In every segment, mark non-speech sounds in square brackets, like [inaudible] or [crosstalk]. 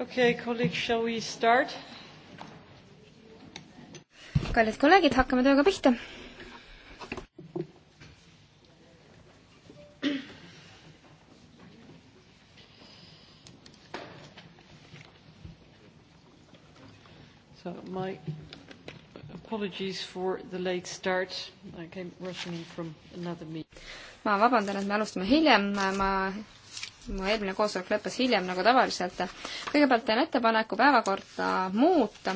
okei okay,, kolleeg, shall we start? kallid kolleegid, hakkame tööga pihta. So my apologies for the late start, I came rushing from another meeting. ma vabandan, et me alustame hiljem, ma mu eelmine koosolek lõppes hiljem nagu tavaliselt. kõigepealt teen ettepaneku päevakorda muuta.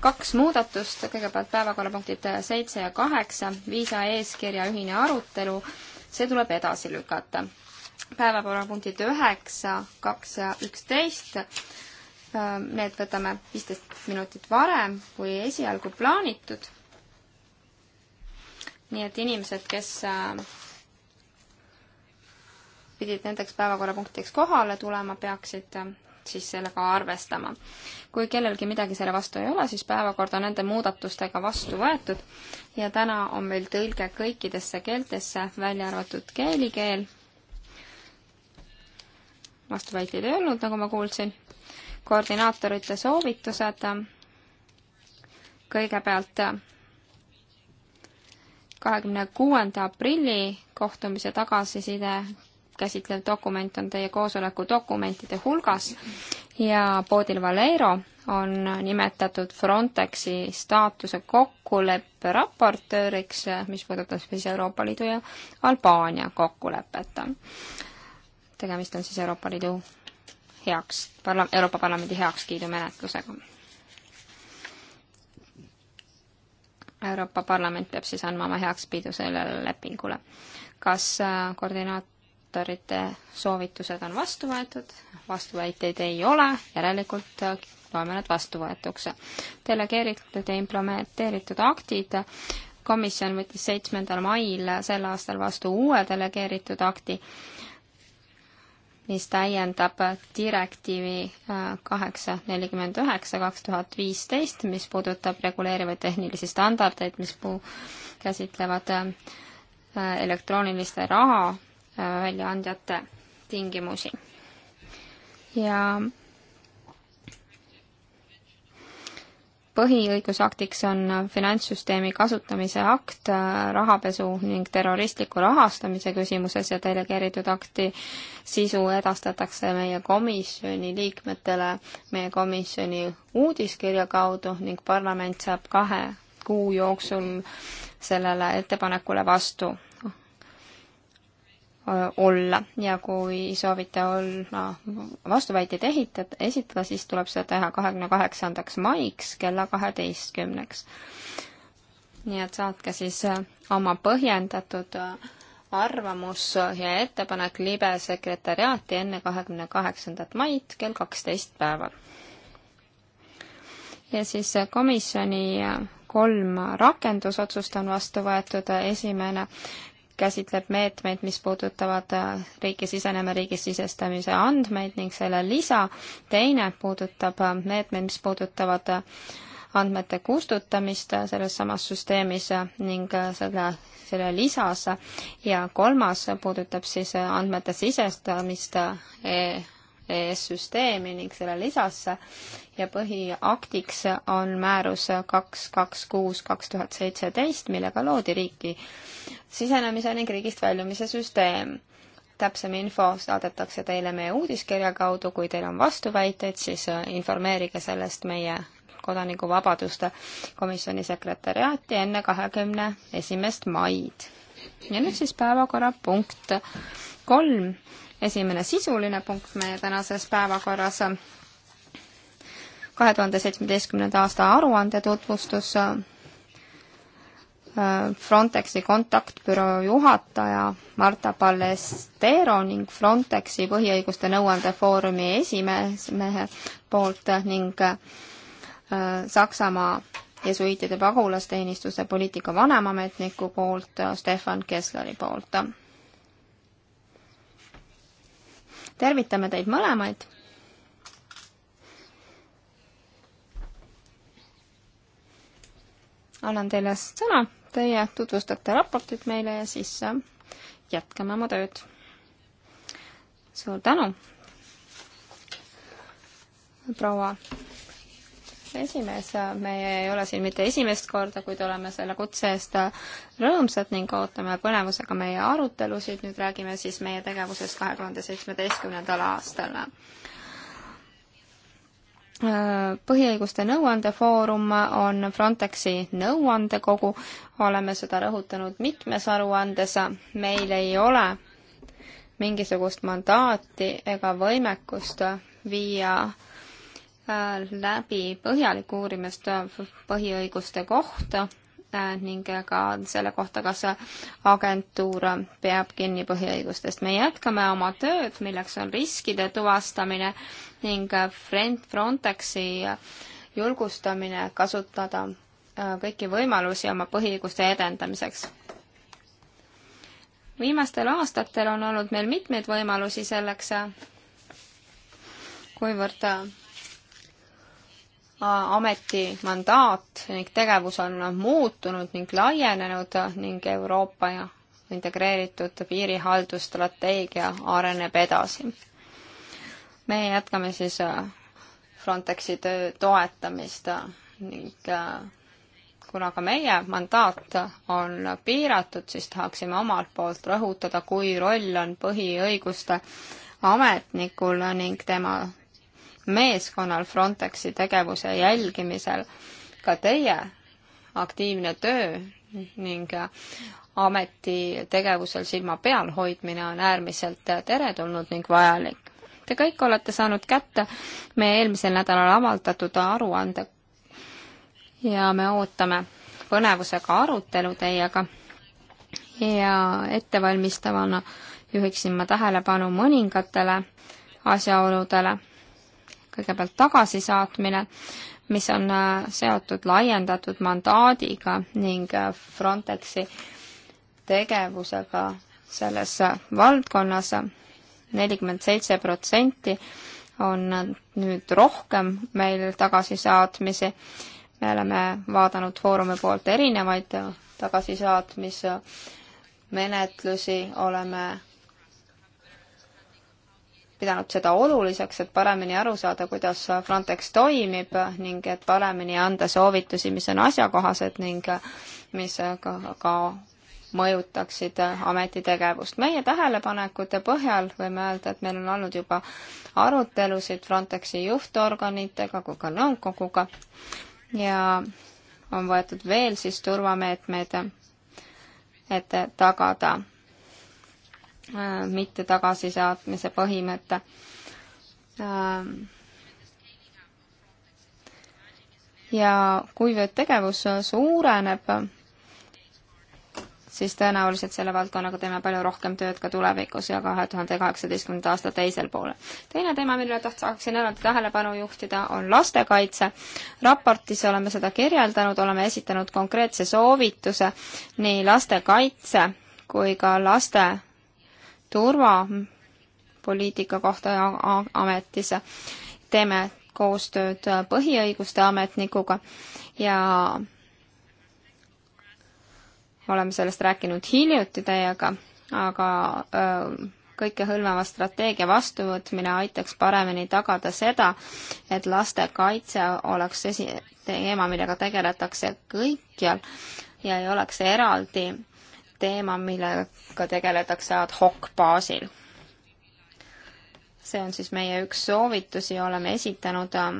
kaks muudatust, kõigepealt päevakorrapunktid seitse ja kaheksa, viisa eeskirja ühine arutelu, see tuleb edasi lükata. päevakorrapunktid üheksa, kaks ja üksteist, need võtame viisteist minutit varem kui esialgu plaanitud. nii et inimesed, kes pidid nendeks päevakorrapunktideks kohale tulema, peaksid äh, siis sellega arvestama. kui kellelgi midagi selle vastu ei ole, siis päevakord on nende muudatustega vastu võetud ja täna on meil tõlge kõikidesse keeltesse, välja arvatud keelikeel. vastuväiteid ei olnud, nagu ma kuulsin. koordinaatorite soovitused. kõigepealt äh, kahekümne kuuenda aprilli kohtumise tagasiside käsitlev dokument on teie koosoleku dokumentide hulgas ja Poodil Valero on nimetatud Frontexi staatuse kokkuleppe raportööriks, mis puudutab siis Euroopa Liidu ja Albaania kokkulepet. tegemist on siis Euroopa Liidu heaks, parla-, Euroopa Parlamendi heakskiidu menetlusega. Euroopa Parlament peab siis andma oma heakspiidu sellele lepingule. kas äh, koordinaat-, koordinaatorite soovitused on vastu võetud, vastuväiteid ei ole, järelikult äh, loeme need vastuvõetuks. delegeeritud ja implementeeritud aktid, komisjon võttis seitsmendal mail sel aastal vastu uue delegeeritud akti, mis täiendab direktiivi äh, kaheksa nelikümmend üheksa kaks tuhat viisteist, mis puudutab reguleerivaid tehnilisi standardeid, mis puu-, käsitlevad äh, elektrooniliste raha Äh, väljaandjate tingimusi. ja põhiõigusaktiks on finantssüsteemi kasutamise akt äh, rahapesu ning terroristliku rahastamise küsimuses ja delegeeritud akti sisu edastatakse meie komisjoni liikmetele meie komisjoni uudiskirja kaudu ning parlament saab kahe kuu jooksul sellele ettepanekule vastu olla ja kui soovite olla vastuväiteid ehitada, esitada, siis tuleb seda teha kahekümne kaheksandaks maiks kella kaheteistkümneks. nii et saatke siis oma põhjendatud arvamus ja ettepanek libe sekretäriaati enne kahekümne kaheksandat maid kell kaksteist päeval. ja siis komisjoni kolm rakendusotsust on vastu võetud, esimene käsitleb meetmeid, mis puudutavad äh, riiki sisenema, riigi sisestamise andmeid ning selle lisa. teine puudutab äh, meetmeid, mis puudutavad äh, andmete kustutamist selles samas süsteemis ning selle, selle lisas ja kolmas puudutab siis andmete sisestamist e ES-süsteemi ning selle lisasse ja põhiaktiks on määrus kaks, kaks, kuus, kaks tuhat seitseteist, millega loodi riiki sisenemise ning riigist väljumise süsteem. täpsem info saadetakse teile meie uudiskirja kaudu, kui teil on vastuväiteid, siis informeerige sellest meie kodanikuvabaduste komisjoni sekretäriaati enne kahekümne esimest maid. ja nüüd siis päevakorrapunkt kolm, esimene sisuline punkt meie tänases päevakorras, kahe tuhande seitsmeteistkümnenda aasta aruande tutvustus, äh, Frontexi kontaktbüroo juhataja Marta Ballestero ning Frontexi põhiõiguste nõuandefoorumi esimehe poolt ning äh, Saksamaa jesuiitide pagulasteenistuse poliitika vanemametniku poolt äh, Stefan Kessleri poolt. tervitame teid mõlemaid. annan teile sõna, teie tutvustate raportit meile ja siis äh, jätkame oma tööd. suur tänu, proua esimees, me ei ole siin mitte esimest korda, kuid oleme selle kutse eest rõõmsad ning ootame põnevusega meie arutelusid, nüüd räägime siis meie tegevusest kahe tuhande seitsmeteistkümnendal aastal. Põhiõiguste Nõuandefoorum on Frontexi nõuandekogu, oleme seda rõhutanud mitmes aruandes, meil ei ole mingisugust mandaati ega võimekust viia läbi põhjaliku uurimist põhiõiguste kohta äh, ning ka selle kohta, kas agentuur peab kinni põhiõigustest. me jätkame oma tööd, milleks on riskide tuvastamine ning Frontexi julgustamine kasutada äh, kõiki võimalusi oma põhiõiguste edendamiseks. viimastel aastatel on olnud meil mitmeid võimalusi selleks, äh, kuivõrd ameti mandaat ning tegevus on muutunud ning laienenud ning Euroopa ja integreeritud piirihaldusstrateegia areneb edasi. me jätkame siis äh, Frontexi töö toetamist äh, ning äh, kuna ka meie mandaat on piiratud, siis tahaksime omalt poolt rõhutada, kui roll on põhiõiguste ametnikul ning tema meeskonnal Frontexi tegevuse jälgimisel. ka teie aktiivne töö ning ameti tegevusel silma peal hoidmine on äärmiselt teretulnud ning vajalik. Te kõik olete saanud kätte meie eelmisel nädalal avaldatud aruande ja me ootame põnevusega arutelu teiega ja ettevalmistavana juhiksin ma tähelepanu mõningatele asjaoludele kõigepealt tagasisaatmine, mis on äh, seotud laiendatud mandaadiga ning äh, Frontexi tegevusega selles äh, valdkonnas. nelikümmend seitse protsenti on nüüd rohkem meil tagasisaatmisi. me oleme vaadanud Foorumi poolt erinevaid tagasisaatmismenetlusi, oleme pidanud seda oluliseks, et paremini aru saada, kuidas Frontex toimib ning et paremini anda soovitusi, mis on asjakohased ning mis ka, ka mõjutaksid ameti tegevust. meie tähelepanekute põhjal võime öelda, et meil on olnud juba arutelusid Frontexi juhtorganitega kui ka nõukoguga ja on võetud veel siis turvameetmed, et tagada Äh, mitte tagasisaatmise põhimõte. Ähm, ja kuivõrd tegevus suureneb, siis tõenäoliselt selle valdkonnaga teeme palju rohkem tööd ka tulevikus ja kahe tuhande kaheksateistkümnenda aasta teisel poolel. teine teema, millele tahaksin eraldi tähelepanu juhtida, on lastekaitse. raportis oleme seda kirjeldanud, oleme esitanud konkreetse soovituse nii lastekaitse kui ka laste turvapoliitika kohta ametis. teeme koostööd põhiõiguste ametnikuga ja oleme sellest rääkinud hiljuti teiega, aga kõikehõlmava strateegia vastuvõtmine aitaks paremini tagada seda, et lastekaitse oleks esi-, teema, millega tegeletakse kõikjal ja ei oleks eraldi teema, millega tegeletakse ad hoc baasil. see on siis meie üks soovitusi, oleme esitanud ähm,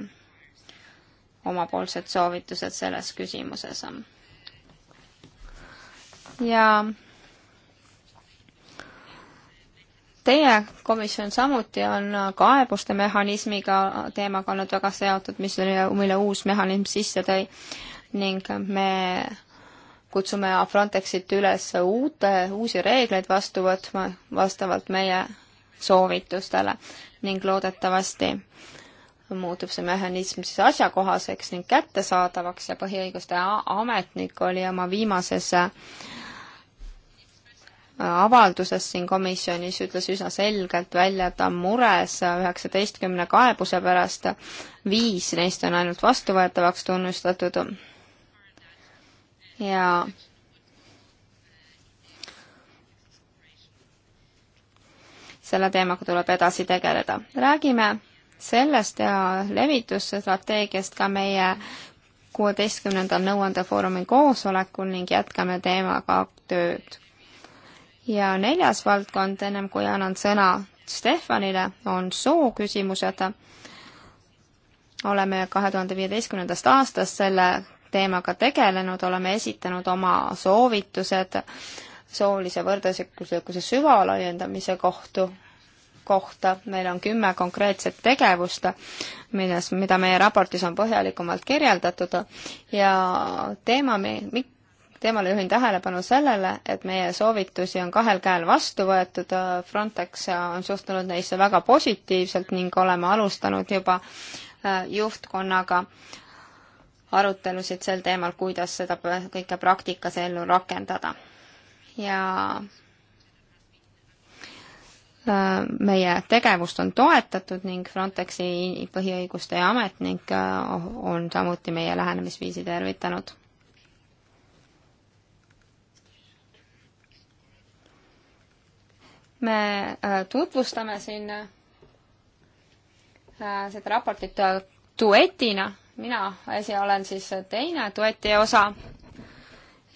omapoolsed soovitused selles küsimuses. ja teie komisjon samuti on kaebuste mehhanismiga teemaga olnud väga seotud, mis oli, mille uus mehhanism sisse tõi ning me kutsume Frontexit üles uute, uusi reegleid vastu võtma vastavalt meie soovitustele ning loodetavasti muutub see mehhanism siis asjakohaseks ning kättesaadavaks ja põhiõiguste ametnik oli oma viimases äh, avalduses siin komisjonis ütles üsna selgelt välja, et ta on mures üheksateistkümne kaebuse pärast, viis neist on ainult vastuvõetavaks tunnustatud ja selle teemaga tuleb edasi tegeleda. räägime sellest ja levitusstrateegiast ka meie kuueteistkümnendal nõuandefoorumi koosolekul ning jätkame teemaga tööd. ja neljas valdkond, ennem kui annan sõna Stefanile, on sooküsimused. oleme kahe tuhande viieteistkümnendast aastast selle teemaga tegelenud, oleme esitanud oma soovitused soolise võrdõiguslikkuse süvalaiendamise kohtu, kohta, meil on kümme konkreetset tegevust, milles, mida meie raportis on põhjalikumalt kirjeldatud ja teema, teemale juhin tähelepanu sellele, et meie soovitusi on kahel käel vastu võetud, Frontex on suhtunud neisse väga positiivselt ning oleme alustanud juba äh, juhtkonnaga äh, arutelusid sel teemal, kuidas seda kõike praktikas ellu rakendada. ja äh, meie tegevust on toetatud ning Frontexi põhiõiguste ametnik äh, on samuti meie lähenemisviisi tervitanud. me äh, tutvustame siin seda raportit duetina mina äsja olen siis teine dueti osa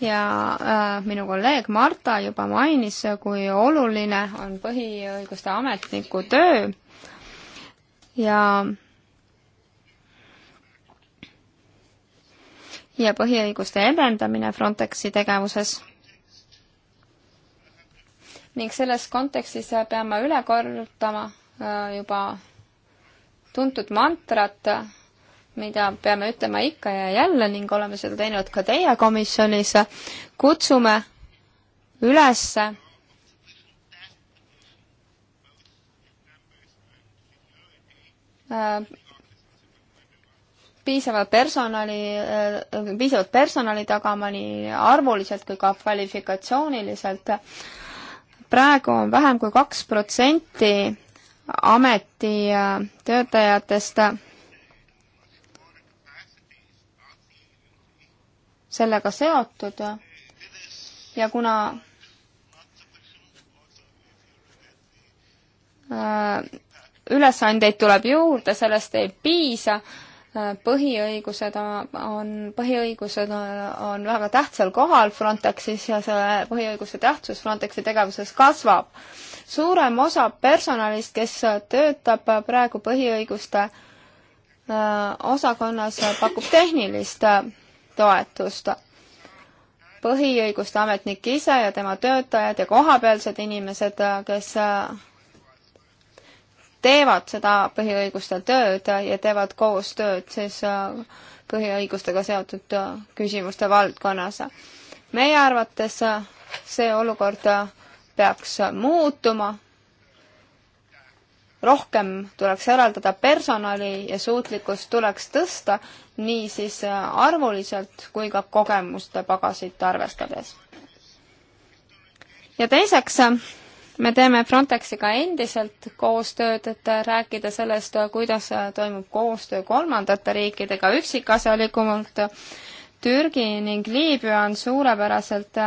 ja äh, minu kolleeg Marta juba mainis, kui oluline on põhiõiguste ametniku töö ja ja põhiõiguste edendamine Frontexi tegevuses. ning selles kontekstis peame üle kordama äh, juba tuntud mantrat äh,, mida peame ütlema ikka ja jälle ning oleme seda teinud ka teie komisjonis, kutsume üles äh, piisava personali, äh, piisavat personali tagama nii arvuliselt kui ka kvalifikatsiooniliselt. praegu on vähem kui kaks protsenti ametitöötajatest äh, sellega seotud ja kuna äh, ülesandeid tuleb juurde, sellest ei piisa, äh, põhiõigused on, põhiõigused on väga tähtsal kohal Frontexis ja selle põhiõiguse tähtsus Frontexi tegevuses kasvab. suurem osa personalist, kes töötab praegu põhiõiguste äh, osakonnas, pakub tehnilist toetust. põhiõiguste ametnik ise ja tema töötajad ja kohapealsed inimesed, kes äh, teevad seda põhiõiguste tööd ja teevad koostööd siis äh, põhiõigustega seotud äh, küsimuste valdkonnas. meie arvates see olukord peaks muutuma rohkem tuleks eraldada personali ja suutlikkust tuleks tõsta nii siis äh, arvuliselt kui ka kogemuste pagasit arvestades. ja teiseks, äh, me teeme Frontexiga endiselt koostööd, et äh, rääkida sellest, kuidas toimub koostöö kolmandate riikidega üksikasjalikumalt. Türgi ning Liibüa on suurepäraselt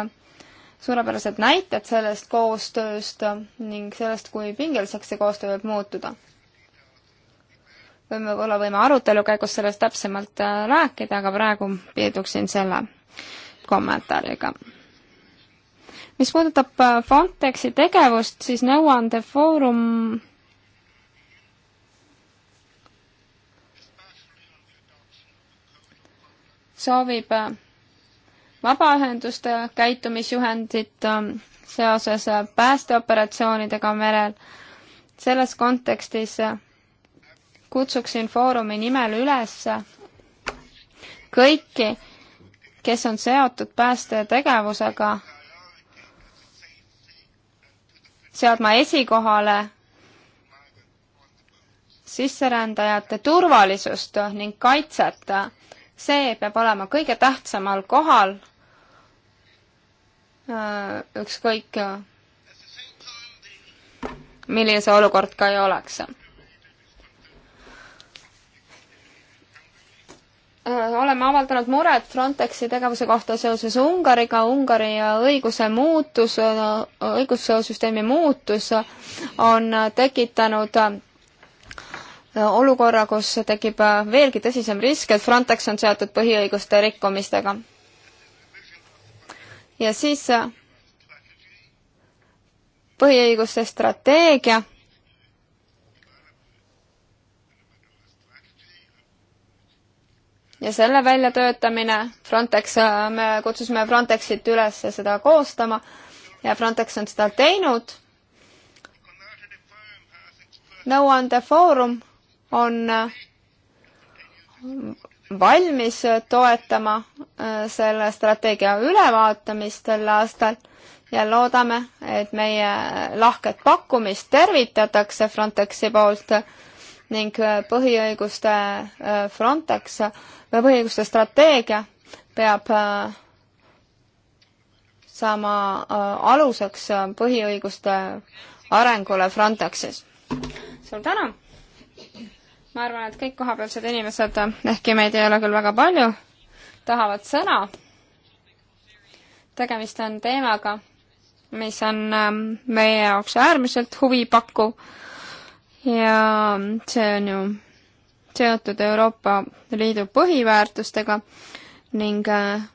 suurepärased näited sellest koostööst ning sellest, kui pingeliseks see koostöö võib muutuda. võime, võib-olla võime arutelu käigus sellest täpsemalt äh, rääkida, aga praegu piirduksin selle kommentaariga. mis puudutab äh, Frontexi tegevust, siis nõuandefoorum soovib äh, vabaühenduste käitumisjuhendit ähm, seoses äh, päästeoperatsioonidega merel. selles kontekstis äh, kutsuksin Foorumi nimel üles äh, kõiki, kes on seotud päästetegevusega, seadma esikohale sisserändajate turvalisust ning kaitset. see peab olema kõige tähtsamal kohal Äh, ükskõik milline see olukord ka ei oleks. Äh, oleme avaldanud muret Frontexi tegevuse kohta seoses Ungariga, Ungari õiguse muutus, äh, õigussüsteemi muutus on tekitanud olukorra, kus tekib veelgi tõsisem risk, et Frontex on seotud põhiõiguste rikkumistega ja siis äh, põhiõiguste strateegia ja selle väljatöötamine, Frontex, äh, me kutsusime Frontexit üles seda koostama ja Frontex on seda teinud. nõuandefoorum on äh, valmis toetama äh, selle strateegia ülevaatamist sel aastal ja loodame, et meie lahket pakkumist tervitatakse Frontexi poolt ning äh, põhiõiguste äh, Frontex või põhiõiguste strateegia peab saama aluseks põhiõiguste arengule Frontexis. suur tänu! ma arvan, et kõik kohapealsed inimesed, ehkki meid ei ole küll väga palju, tahavad sõna. tegemist on teemaga, mis on ähm, meie jaoks äärmiselt huvipakkuv ja see on ju seotud Euroopa Liidu põhiväärtustega ning äh,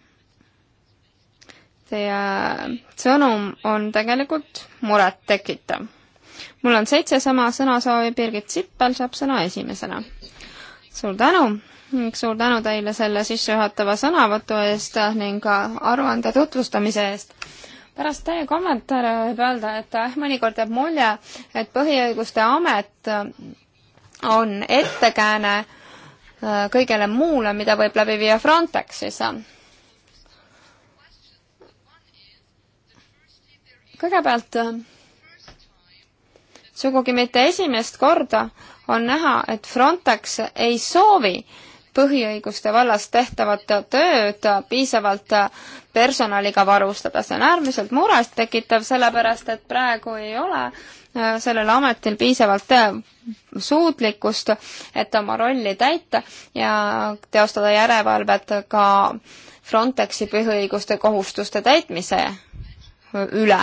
teie äh, sõnum on tegelikult murettekitav mul on seitse sama sõnasoovi, Birgit Sippel saab sõna esimesena. suur tänu ning suur tänu teile selle sissejuhatava sõnavõtu eest ning aruande tutvustamise eest pärast teie kommentaare võib öelda, et eh, mõnikord jääb mulje, et Põhiõiguste Amet on ettekääne eh, kõigele muule, mida võib läbi viia Frontexis. kõigepealt eh, sugugi mitte esimest korda on näha, et Frontex ei soovi põhiõiguste vallas tehtavat tööd piisavalt personaliga varustada. see on äärmiselt murettekitav, sellepärast et praegu ei ole äh, sellel ametil piisavalt äh, suutlikkust, et oma rolli täita ja teostada järelevalvet ka Frontexi põhiõiguste kohustuste täitmise üle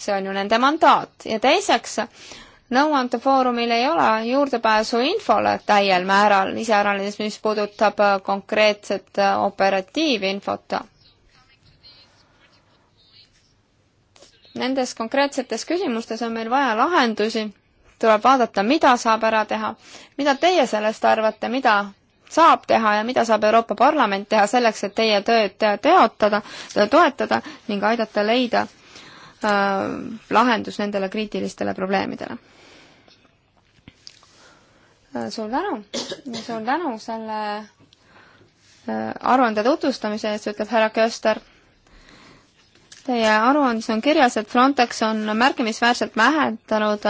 see on ju nende mandaat. ja teiseks, nõuandefoorumil ei ole juurdepääsu infole täiel määral, iseäranis, mis puudutab äh, konkreetset äh, operatiivinfot. Nendes konkreetsetes küsimustes on meil vaja lahendusi, tuleb vaadata, mida saab ära teha. mida teie sellest arvate, mida saab teha ja mida saab Euroopa Parlament teha selleks, et teie tööd äh, teotada, toetada ning aidata leida Äh, lahendus nendele kriitilistele probleemidele. Äh, suur tänu, suur tänu selle äh, aruande tutvustamise eest, ütleb härra Köster. Teie aruandes on kirjas, et Frontex on märkimisväärselt vähendanud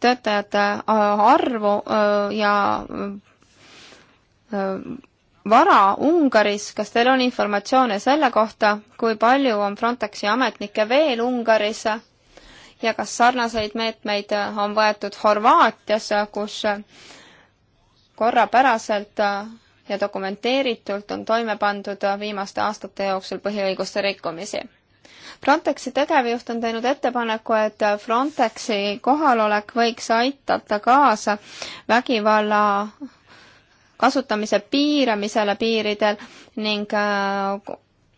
töötajate arvu ja vara Ungaris, kas teil on informatsioone selle kohta, kui palju on Frontexi ametnikke veel Ungaris ja kas sarnaseid meetmeid on võetud Horvaatias, kus korrapäraselt ja dokumenteeritult on toime pandud viimaste aastate jooksul põhiõiguste rikkumisi. Frontexi tegevjuht on teinud ettepaneku, et Frontexi kohalolek võiks aitata kaasa vägivalla kasutamise piiramisele piiridel ning äh,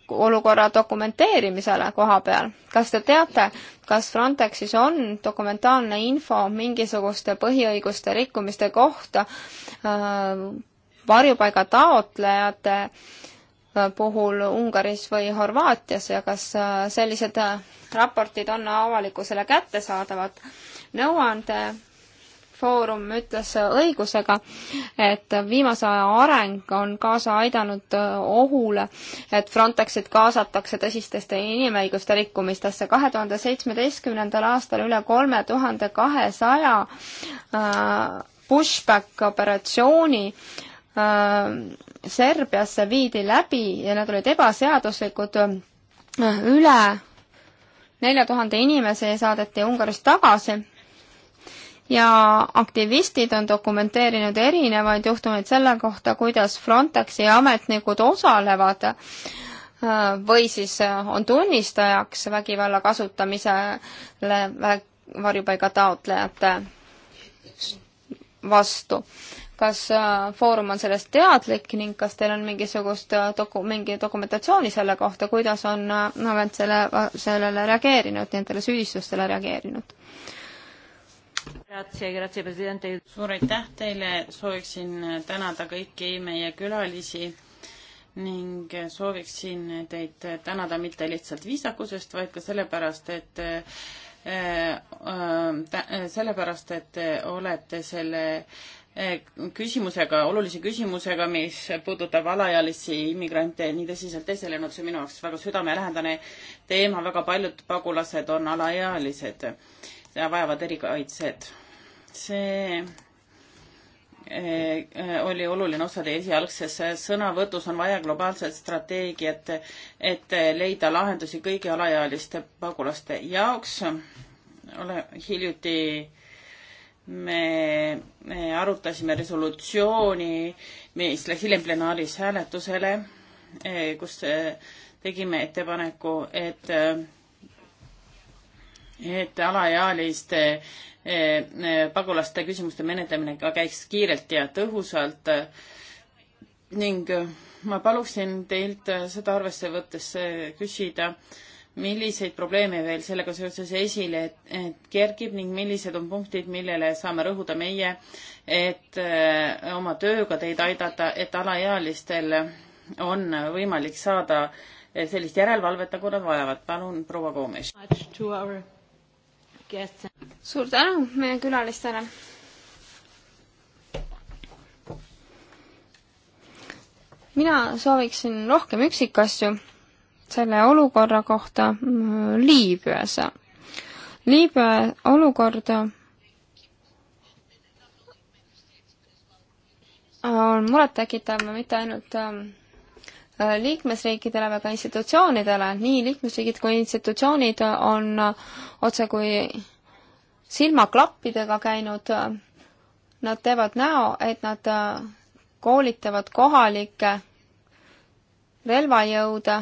olukorra dokumenteerimisele koha peal. kas te teate, kas Frontexis on dokumentaalne info mingisuguste põhiõiguste rikkumiste kohta äh, varjupaiga taotlejate äh, puhul Ungaris või Horvaatias ja kas äh, sellised raportid on avalikkusele kättesaadavad? nõuande Foorum ütles õigusega, et viimase aja areng on kaasa aidanud äh, ohule, et Frontexit kaasatakse tõsistesse inimõiguste rikkumistesse. kahe tuhande seitsmeteistkümnendal aastal üle kolme tuhande kahesaja äh, pushback operatsiooni äh, Serbiasse viidi läbi ja need olid ebaseaduslikud üle nelja tuhande inimese saadeti Ungarist tagasi ja aktivistid on dokumenteerinud erinevaid juhtumeid selle kohta, kuidas Frontexi ametnikud osalevad äh, või siis äh, on tunnistajaks vägivalla kasutamisele varjupaiga taotlejate vastu. kas äh, Foorum on sellest teadlik ning kas teil on mingisugust doku-, mingi dokumentatsiooni selle kohta, kuidas on amet selle, sellele reageerinud, nendele süüdistustele reageerinud? suur aitäh teile, sooviksin tänada kõiki meie külalisi ning sooviksin teid tänada mitte lihtsalt viisakusest, vaid ka sellepärast, et äh, äh, sellepärast, et olete selle äh, küsimusega, olulise küsimusega, mis puudutab alaealisi immigrante nii tõsiselt eselenud, see on minu jaoks väga südamelähedane teema, väga paljud pagulased on alaealised vajavad erikaitset. see eh, eh, oli oluline osa teie esialgses sõnavõtus, on vaja globaalset strateegiat, et leida lahendusi kõigi alaealiste pagulaste jaoks. ole, hiljuti me, me arutasime resolutsiooni, mis läks hiljem plenaaris hääletusele, eh, kus tegime ettepaneku, et et alaealiste eh, eh, pagulaste küsimuste menetlemine ka käiks kiirelt ja tõhusalt ning eh, ma paluksin teilt seda arvesse võttes küsida, milliseid probleeme veel sellega seoses esile kerkib ning millised on punktid, millele saame rõhuda meie, et oma tööga teid aidata, et alaealistel on võimalik saada sellist järelevalvet, nagu nad vajavad. palun, proua Koomes suur tänu meie külalistele. mina sooviksin rohkem üksikasju selle olukorra kohta Liibüas. Liibüa olukord on murettekitav mitte ainult ähm, Äh, liikmesriikidele või ka institutsioonidele, nii liikmesriigid kui institutsioonid on otsekui silmaklappidega käinud, nad teevad näo, et nad äh, koolitavad kohalikke relvajõude,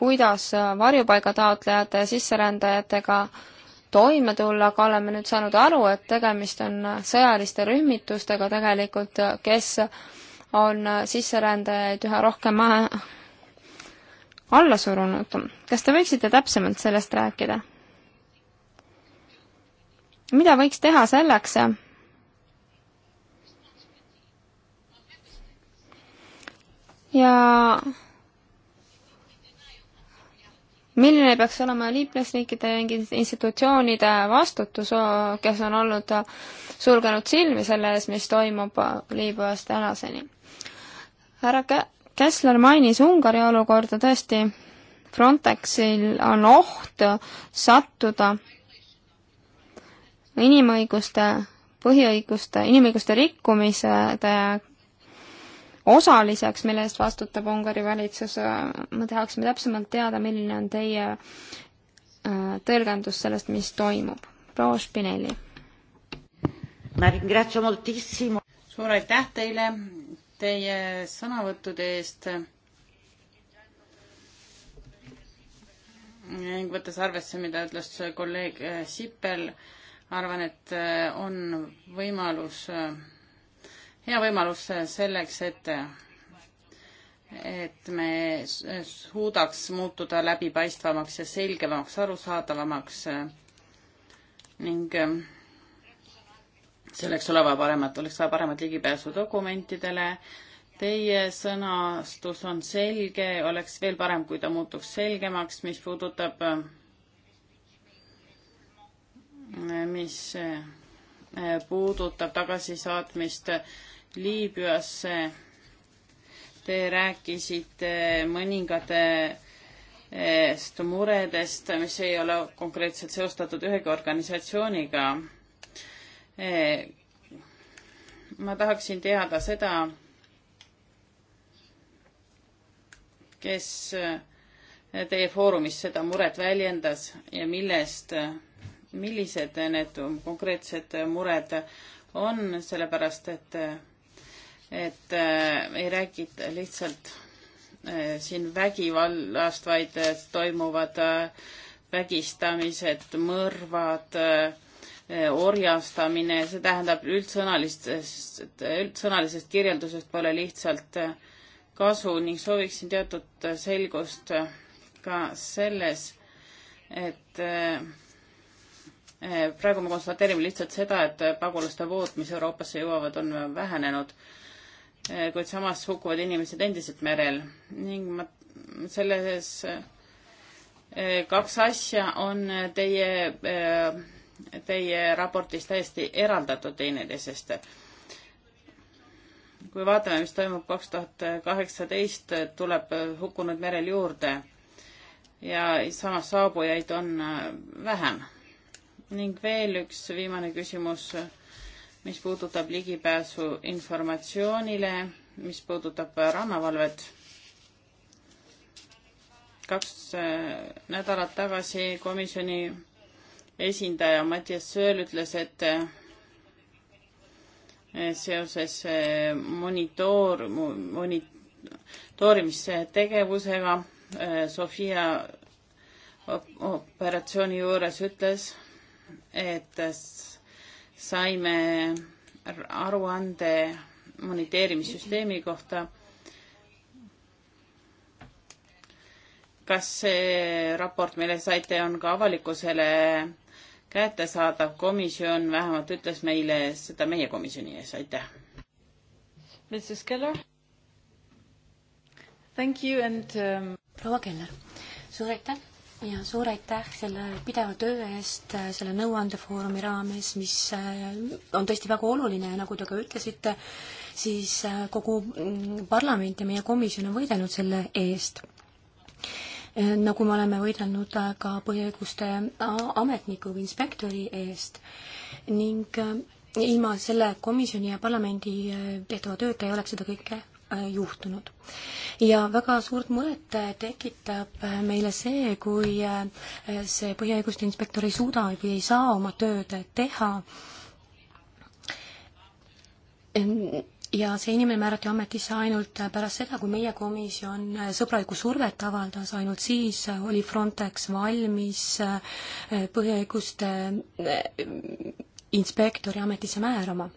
kuidas äh, varjupaigataotlejate ja sisserändajatega toime tulla, aga oleme nüüd saanud aru, et tegemist on sõjaliste rühmitustega tegelikult, kes on sisserändajaid üha rohkem alla surunud. kas te võiksite täpsemalt sellest rääkida? mida võiks teha selleks, ja milline peaks olema liikmesriikide institutsioonide vastutus, kes on olnud sulgenud silmi selle ees, mis toimub Liibüas tänaseni? härra Käsler mainis Ungari olukorda, tõesti, Frontexil on oht sattuda inimõiguste, põhiõiguste, inimõiguste rikkumisede osaliseks, mille eest vastutab Ungari valitsus. me tahaksime täpsemalt teada, milline on teie äh, tõlgendus sellest, mis toimub. proua Spinelli. suur aitäh teile, teie sõnavõttude eest ning võttes arvesse, mida ütles kolleeg äh, Sippel, arvan, et äh, on võimalus, äh, hea võimalus selleks, et, et me suudaks muutuda läbipaistvamaks ja selgemaks, arusaadavamaks ning selleks olema paremat, oleks vaja paremat ligipääsu dokumentidele. Teie sõnastus on selge, oleks veel parem, kui ta muutuks selgemaks, mis puudutab, mis puudutab tagasisaatmist Liibüasse. Te rääkisite mõningatest eh, muredest, mis ei ole konkreetselt seostatud ühegi organisatsiooniga Eh, ma tahaksin teada seda, kes eh, teie foorumis seda muret väljendas ja millest, eh, millised need konkreetsed mured on, sellepärast et, et ei räägita lihtsalt siin vägivallast, vaid toimuvad vägistamised, mõrvad Eh, orjastamine, see tähendab üldsõnalistest, üldsõnalisest kirjeldusest pole lihtsalt eh, kasu ning sooviksin teatud selgust eh, ka selles, et praegu me konstateerime lihtsalt seda, et pagulaste vood, mis Euroopasse jõuavad, on vähenenud, kuid samas hukkuvad inimesed endiselt merel ning ma selles kaks asja on teie teie raportis täiesti eraldatud teineteisest. kui vaatame, mis toimub kaks tuhat kaheksateist, tuleb hukkunud merel juurde ja samas saabujaid on äh, vähem. ning veel üks viimane küsimus, mis puudutab ligipääsu informatsioonile, mis puudutab äh, rannavalvet kaks äh, nädalat tagasi komisjoni esindaja Mattias Sööl ütles, et eh, seoses eh, monitoor, monitoorimistegevusega eh, Sofia operatsiooni juures ütles, et saime aruande moniteerimissüsteemi kohta. kas see raport, mille saite, on ka avalikkusele kättesaadav komisjon vähemalt ütles meile seda meie komisjoni ees, aitäh. Mrs Keller. Thank you and um.... proua Keller, suur aitäh ja suur aitäh selle pideva töö eest äh, selle nõuandefoorumi raames, mis äh, on tõesti väga oluline ja nagu te ka ütlesite, siis äh, kogu mm, parlament ja meie komisjon on võidelnud selle eest nagu me oleme võidelnud äh, ka põhiõiguste äh, ametniku või inspektori eest ning äh, ilma selle komisjoni ja parlamendi tehtava tööta ei oleks seda kõike juhtunud. ja väga suurt muret tekitab meile see, kui see põhiõiguste inspektor ei suuda või ei saa oma tööd teha ja see inimene määrati ametisse ainult pärast seda, kui meie komisjon sõbralikku survet avaldas, ainult siis oli Frontex valmis eh, põhiõiguste eh, inspektori ametisse määrama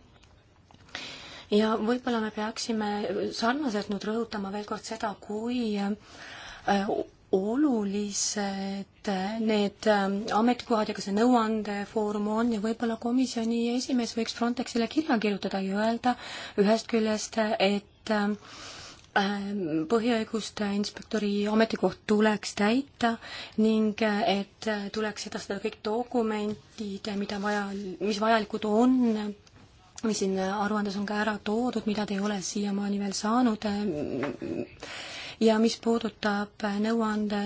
ja võib-olla me peaksime sarnaselt nüüd rõhutama veel kord seda, kui eh, olulised eh, need ähm, ametikohad ja ka see nõuandefoorum on ja võib-olla komisjoni esimees võiks Frontexile kirja kirjutada ja öelda ühest küljest, et ähm, ähm, põhiõiguste inspektori ametikoht tuleks täita ning äh, et äh, tuleks edastada kõik dokumendid, mida vaja, mis vajalikud on mis siin aruandes on ka ära toodud, mida te ei ole siiamaani veel saanud, äh, ja mis puudutab nõuande,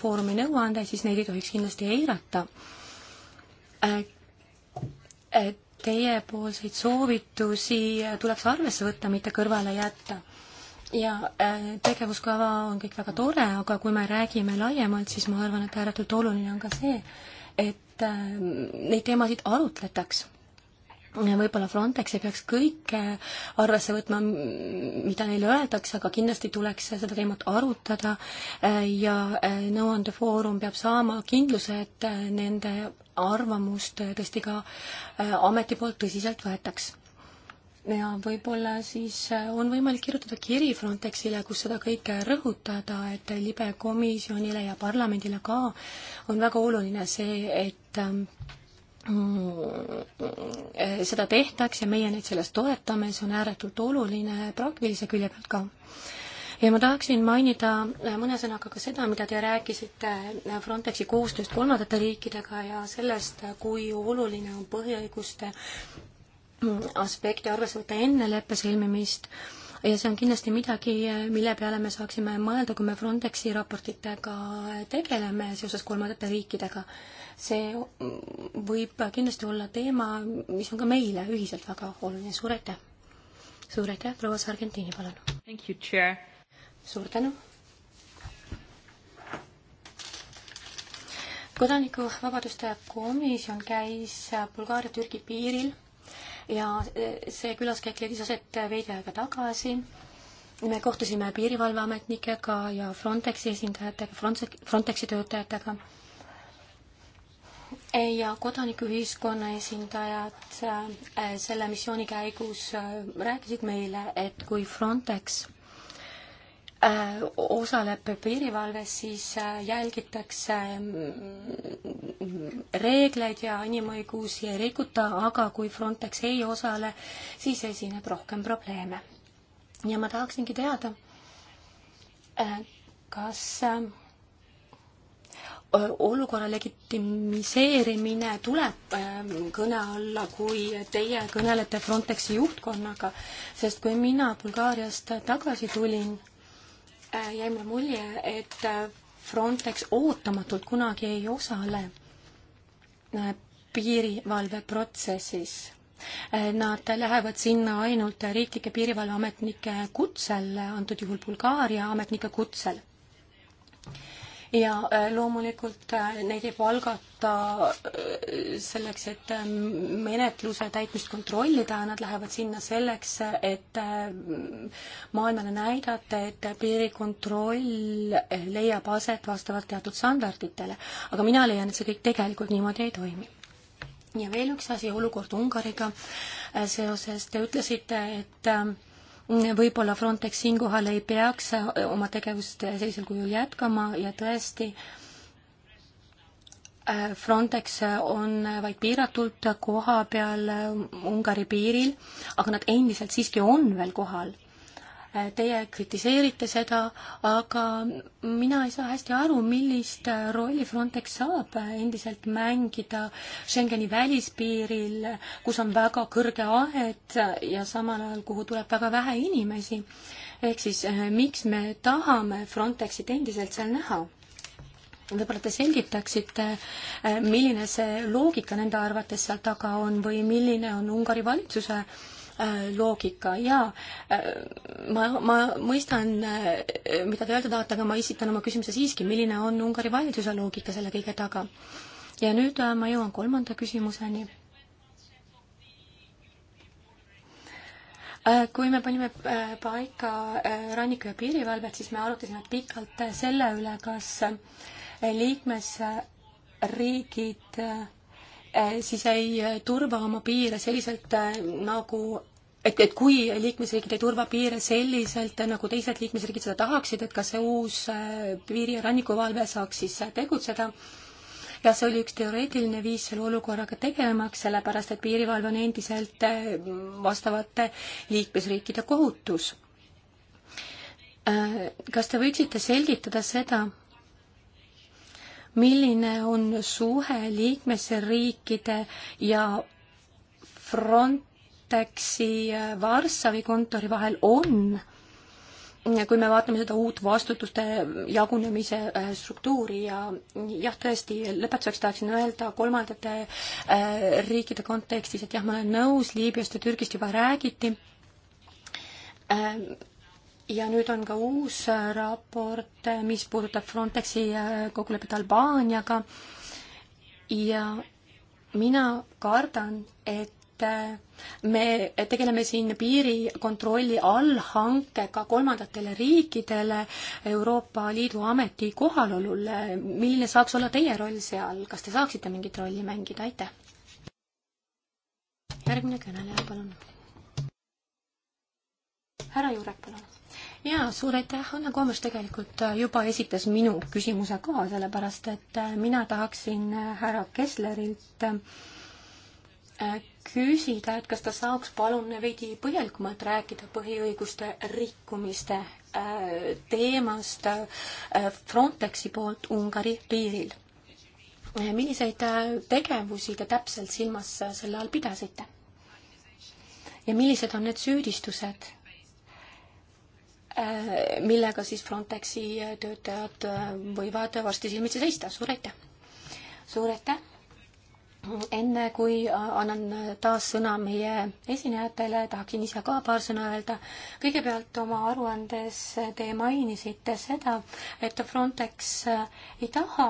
foorumi nõuandeid, siis neid ei tohiks kindlasti eirata. Äh, teiepoolseid soovitusi tuleks arvesse võtta, mitte kõrvale jätta ja äh, tegevuskava on kõik väga tore, aga kui me räägime laiemalt, siis ma arvan, et ääretult oluline on ka see, et äh, neid teemasid arutletaks võib-olla Frontex ei peaks kõike arvesse võtma, mida neile öeldakse, aga kindlasti tuleks seda teemat arutada ja äh, nõuandefoorum peab saama kindluse, et äh, nende arvamust äh, tõesti ka ameti poolt tõsiselt võetaks ja võib-olla siis on võimalik kirjutada kiri Frontexile, kus seda kõike rõhutada, et libekomisjonile ja parlamendile ka on väga oluline see, et ähm, seda tehtaks ja meie neid selles toetame, see on ääretult oluline praktilise külje pealt ka. ja ma tahaksin mainida mõne sõnaga ka seda, mida te rääkisite Frontexi koostööst kolmandate riikidega ja sellest, kui oluline on põhiõiguste aspekti arvesse võtta enne leppe sõlmimist ja see on kindlasti midagi, mille peale me saaksime mõelda, kui me Frontexi raportitega tegeleme seoses kolmandate riikidega. see võib kindlasti olla teema, mis on ka meile ühiselt väga oluline, suur aitäh! suur aitäh, proua Sargentini, palun! suur tänu! kodanikuvabaduste komisjon käis Bulgaaria-Türgi piiril ja see külaskäik leidis aset veidi aega tagasi. me kohtusime piirivalveametnikega ja Frontexi esindajatega, Frontexi töötajatega ja kodanikuühiskonna esindajad äh, selle missiooni käigus äh, rääkisid meile, et kui Frontex Äh, osaleb piirivalves, siis äh, jälgitakse mm, reegleid ja inimõigusi ei rikuta, aga kui Frontex ei osale, siis esineb rohkem probleeme. ja ma tahaksingi teada, äh, kas olukorra legitimiseerimine tuleb kõne alla, kui teie kõnelete Frontexi juhtkonnaga, sest kui mina Bulgaariast tagasi tulin, Äh, jäi mulle mulje, et äh, Frontex ootamatult kunagi ei osale äh, piirivalveprotsessis. Nad lähevad sinna ainult riiklike piirivalveametnike kutsel, antud juhul Bulgaaria ametnike kutsel ja äh, loomulikult äh, neid võib algata äh, selleks, et menetluse täitmist kontrollida, nad lähevad sinna selleks, et maailmale näidata, et piirikontroll leiab aset vastavalt teatud standarditele. aga mina leian, et see kõik tegelikult niimoodi ei toimi ja veel üks asi, olukord Ungariga seoses, te ütlesite, et võib-olla Frontex siinkohal ei peaks oma tegevust sellisel kujul jätkama ja tõesti äh, Frontex on vaid piiratult koha peal äh, Ungari piiril, aga nad endiselt siiski on veel kohal Teie kritiseerite seda, aga mina ei saa hästi aru, millist rolli Frontex saab endiselt mängida Schengeni välispiiril, kus on väga kõrge aed ja samal ajal, kuhu tuleb väga vähe inimesi. ehk siis eh, miks me tahame Frontexit endiselt seal näha? võib-olla te selgitaksite, eh, milline see loogika nende arvates seal taga on või milline on Ungari valitsuse äh, Äh, loogika ja äh, ma, ma mõistan, äh, mida te öelda tahate, aga ma esitan oma küsimuse siiski, milline on Ungari valitsuse loogika selle kõige taga? ja nüüd ma jõuan kolmanda küsimuseni Kui me panime paika ranniku- ja piirivalvet, siis me arutasime pikalt selle üle, kas liikmesriigid siis ei turva oma piire selliselt, nagu et, et kui liikmesriigid ei turva piire selliselt, nagu teised liikmesriigid seda tahaksid, et kas see uus äh, piiri- ja rannikuvalve saaks siis äh, tegutseda, ja see oli üks teoreetiline viis selle olukorraga tegelemaks, sellepärast et piirivalve on endiselt äh, vastavate liikmesriikide kohutus. Kas te võiksite selgitada seda, milline on suhe liikmesriikide ja front Frontexi äh, Varssavi kontori vahel on, kui me vaatame seda uut vastutuste jagunemise äh, struktuuri ja jah, tõesti, lõpetuseks tahaksin öelda kolmandate äh, riikide kontekstis, et jah, ma olen nõus, Liibüast ja Türgist juba räägiti, ja nüüd on ka uus raport, mis puudutab Frontexi kokkulepet Albaaniaga ja mina kardan, et me tegeleme siin piirikontrolli allhankega kolmandatele riikidele Euroopa Liidu ameti kohalolul. milline saaks olla teie roll seal, kas te saaksite mingit rolli mängida, aitäh! järgmine kõneleja, palun. härra Jurek, palun. jaa, suur aitäh, Anna Koomas tegelikult äh, juba esitas minu küsimuse ka, sellepärast et äh, mina tahaksin äh, härra Kesslerilt küsida, et kas ta saaks palun veidi põhjalikumalt rääkida põhiõiguste rikkumiste äh, teemast äh, Frontexi poolt Ungari piiril. Äh, milliseid tegevusi te täpselt silmas selle all pidasite? ja millised on need süüdistused, millega siis Frontexi töötajad võivad varsti silmitsi seista? suur aitäh! suur aitäh! enne kui äh, annan äh, taas sõna meie esinejatele, tahaksin ise ka paar sõna öelda. kõigepealt oma aruandes te mainisite seda, et Frontex äh, ei taha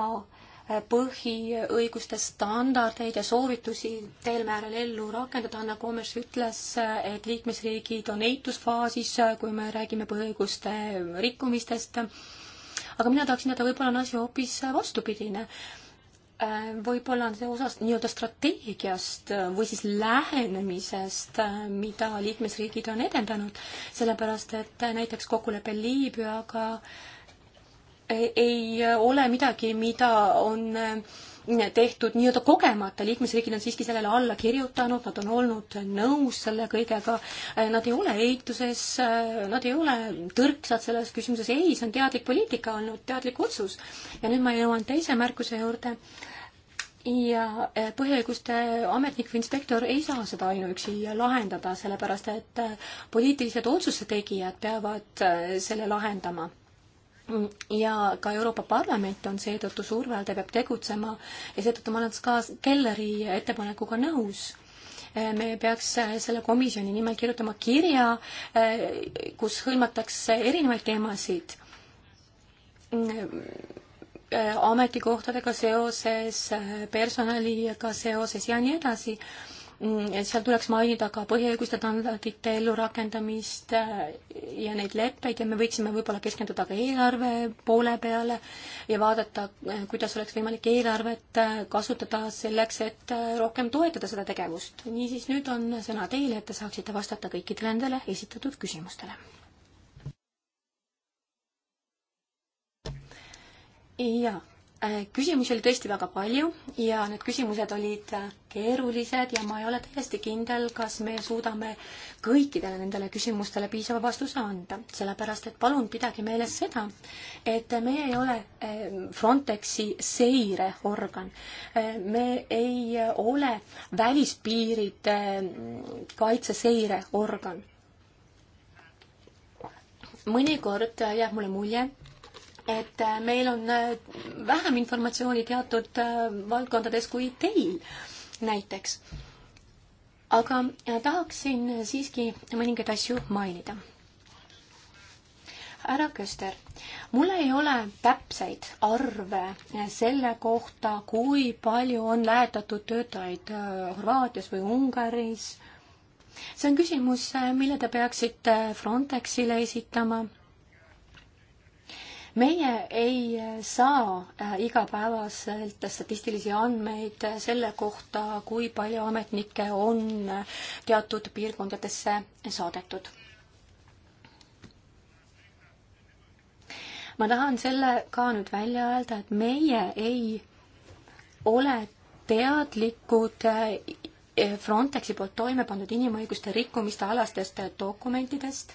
põhiõiguste standardeid ja soovitusi teel määral ellu rakendada, Anna Komes ütles, et liikmesriigid on eitusfaasis, kui me räägime põhiõiguste rikkumistest. aga mina tahaksin teada, võib-olla on asi hoopis vastupidine Äh, võib-olla on see osas nii-öelda strateegiast äh, või siis lähenemisest, äh, mida liikmesriigid on edendanud, sellepärast et näiteks kokkulepe Liibüaga ei ole midagi, mida on tehtud nii-öelda kogemata, liikmesriigid on siiski sellele alla kirjutanud, nad on olnud nõus selle kõigega, nad ei ole eituses, nad ei ole tõrksad selles küsimuses, ei, see on teadlik poliitika olnud, teadlik otsus. ja nüüd ma jõuan teise märkuse juurde ja eh, põhiõiguste ametnik või inspektor ei saa seda ainuüksi lahendada, sellepärast et eh, poliitilised otsuse tegijad peavad eh, selle lahendama. Mm, ja ka Euroopa Parlament on seetõttu surve all, ta peab tegutsema ja seetõttu ma olen ka Kelleri ettepanekuga nõus me peaks selle komisjoni nimel kirjutama kirja, kus hõlmatakse erinevaid teemasid mm, Äh, ametikohtadega seoses, äh, personaliga seoses ja nii edasi. Mm, seal tuleks mainida ka põhiõiguste standardite ellurakendamist äh, ja neid leppeid ja me võiksime võib-olla keskenduda ka eelarve poole peale ja vaadata, kuidas oleks võimalik eelarvet kasutada selleks, et rohkem toetada seda tegevust. niisiis, nüüd on sõna teile, et te saaksite vastata kõikidele nendele esitatud küsimustele jaa, äh, küsimusi oli tõesti väga palju ja need küsimused olid äh, keerulised ja ma ei ole täiesti kindel, kas me suudame kõikidele nendele küsimustele piisava vastuse anda, sellepärast et palun pidage meeles seda, et me ei ole äh, Frontexi seireorgan. me ei ole välispiiride kaitseseireorgan. mõnikord jääb mulle mulje, et äh, meil on äh, vähem informatsiooni teatud äh, valdkondades kui teil näiteks. aga tahaksin siiski mõningaid asju mainida. härra Köster, mul ei ole täpseid arve selle kohta, kui palju on lähetatud töötajaid Horvaatias või Ungaris. see on küsimus, mille te peaksite Frontexile esitama meie ei saa äh, igapäevaselt statistilisi andmeid selle kohta, kui palju ametnikke on äh, teatud piirkondadesse saadetud ma tahan selle ka nüüd välja öelda, et meie ei ole teadlikud äh, Frontexi poolt toime pandud inimõiguste rikkumiste alastest dokumentidest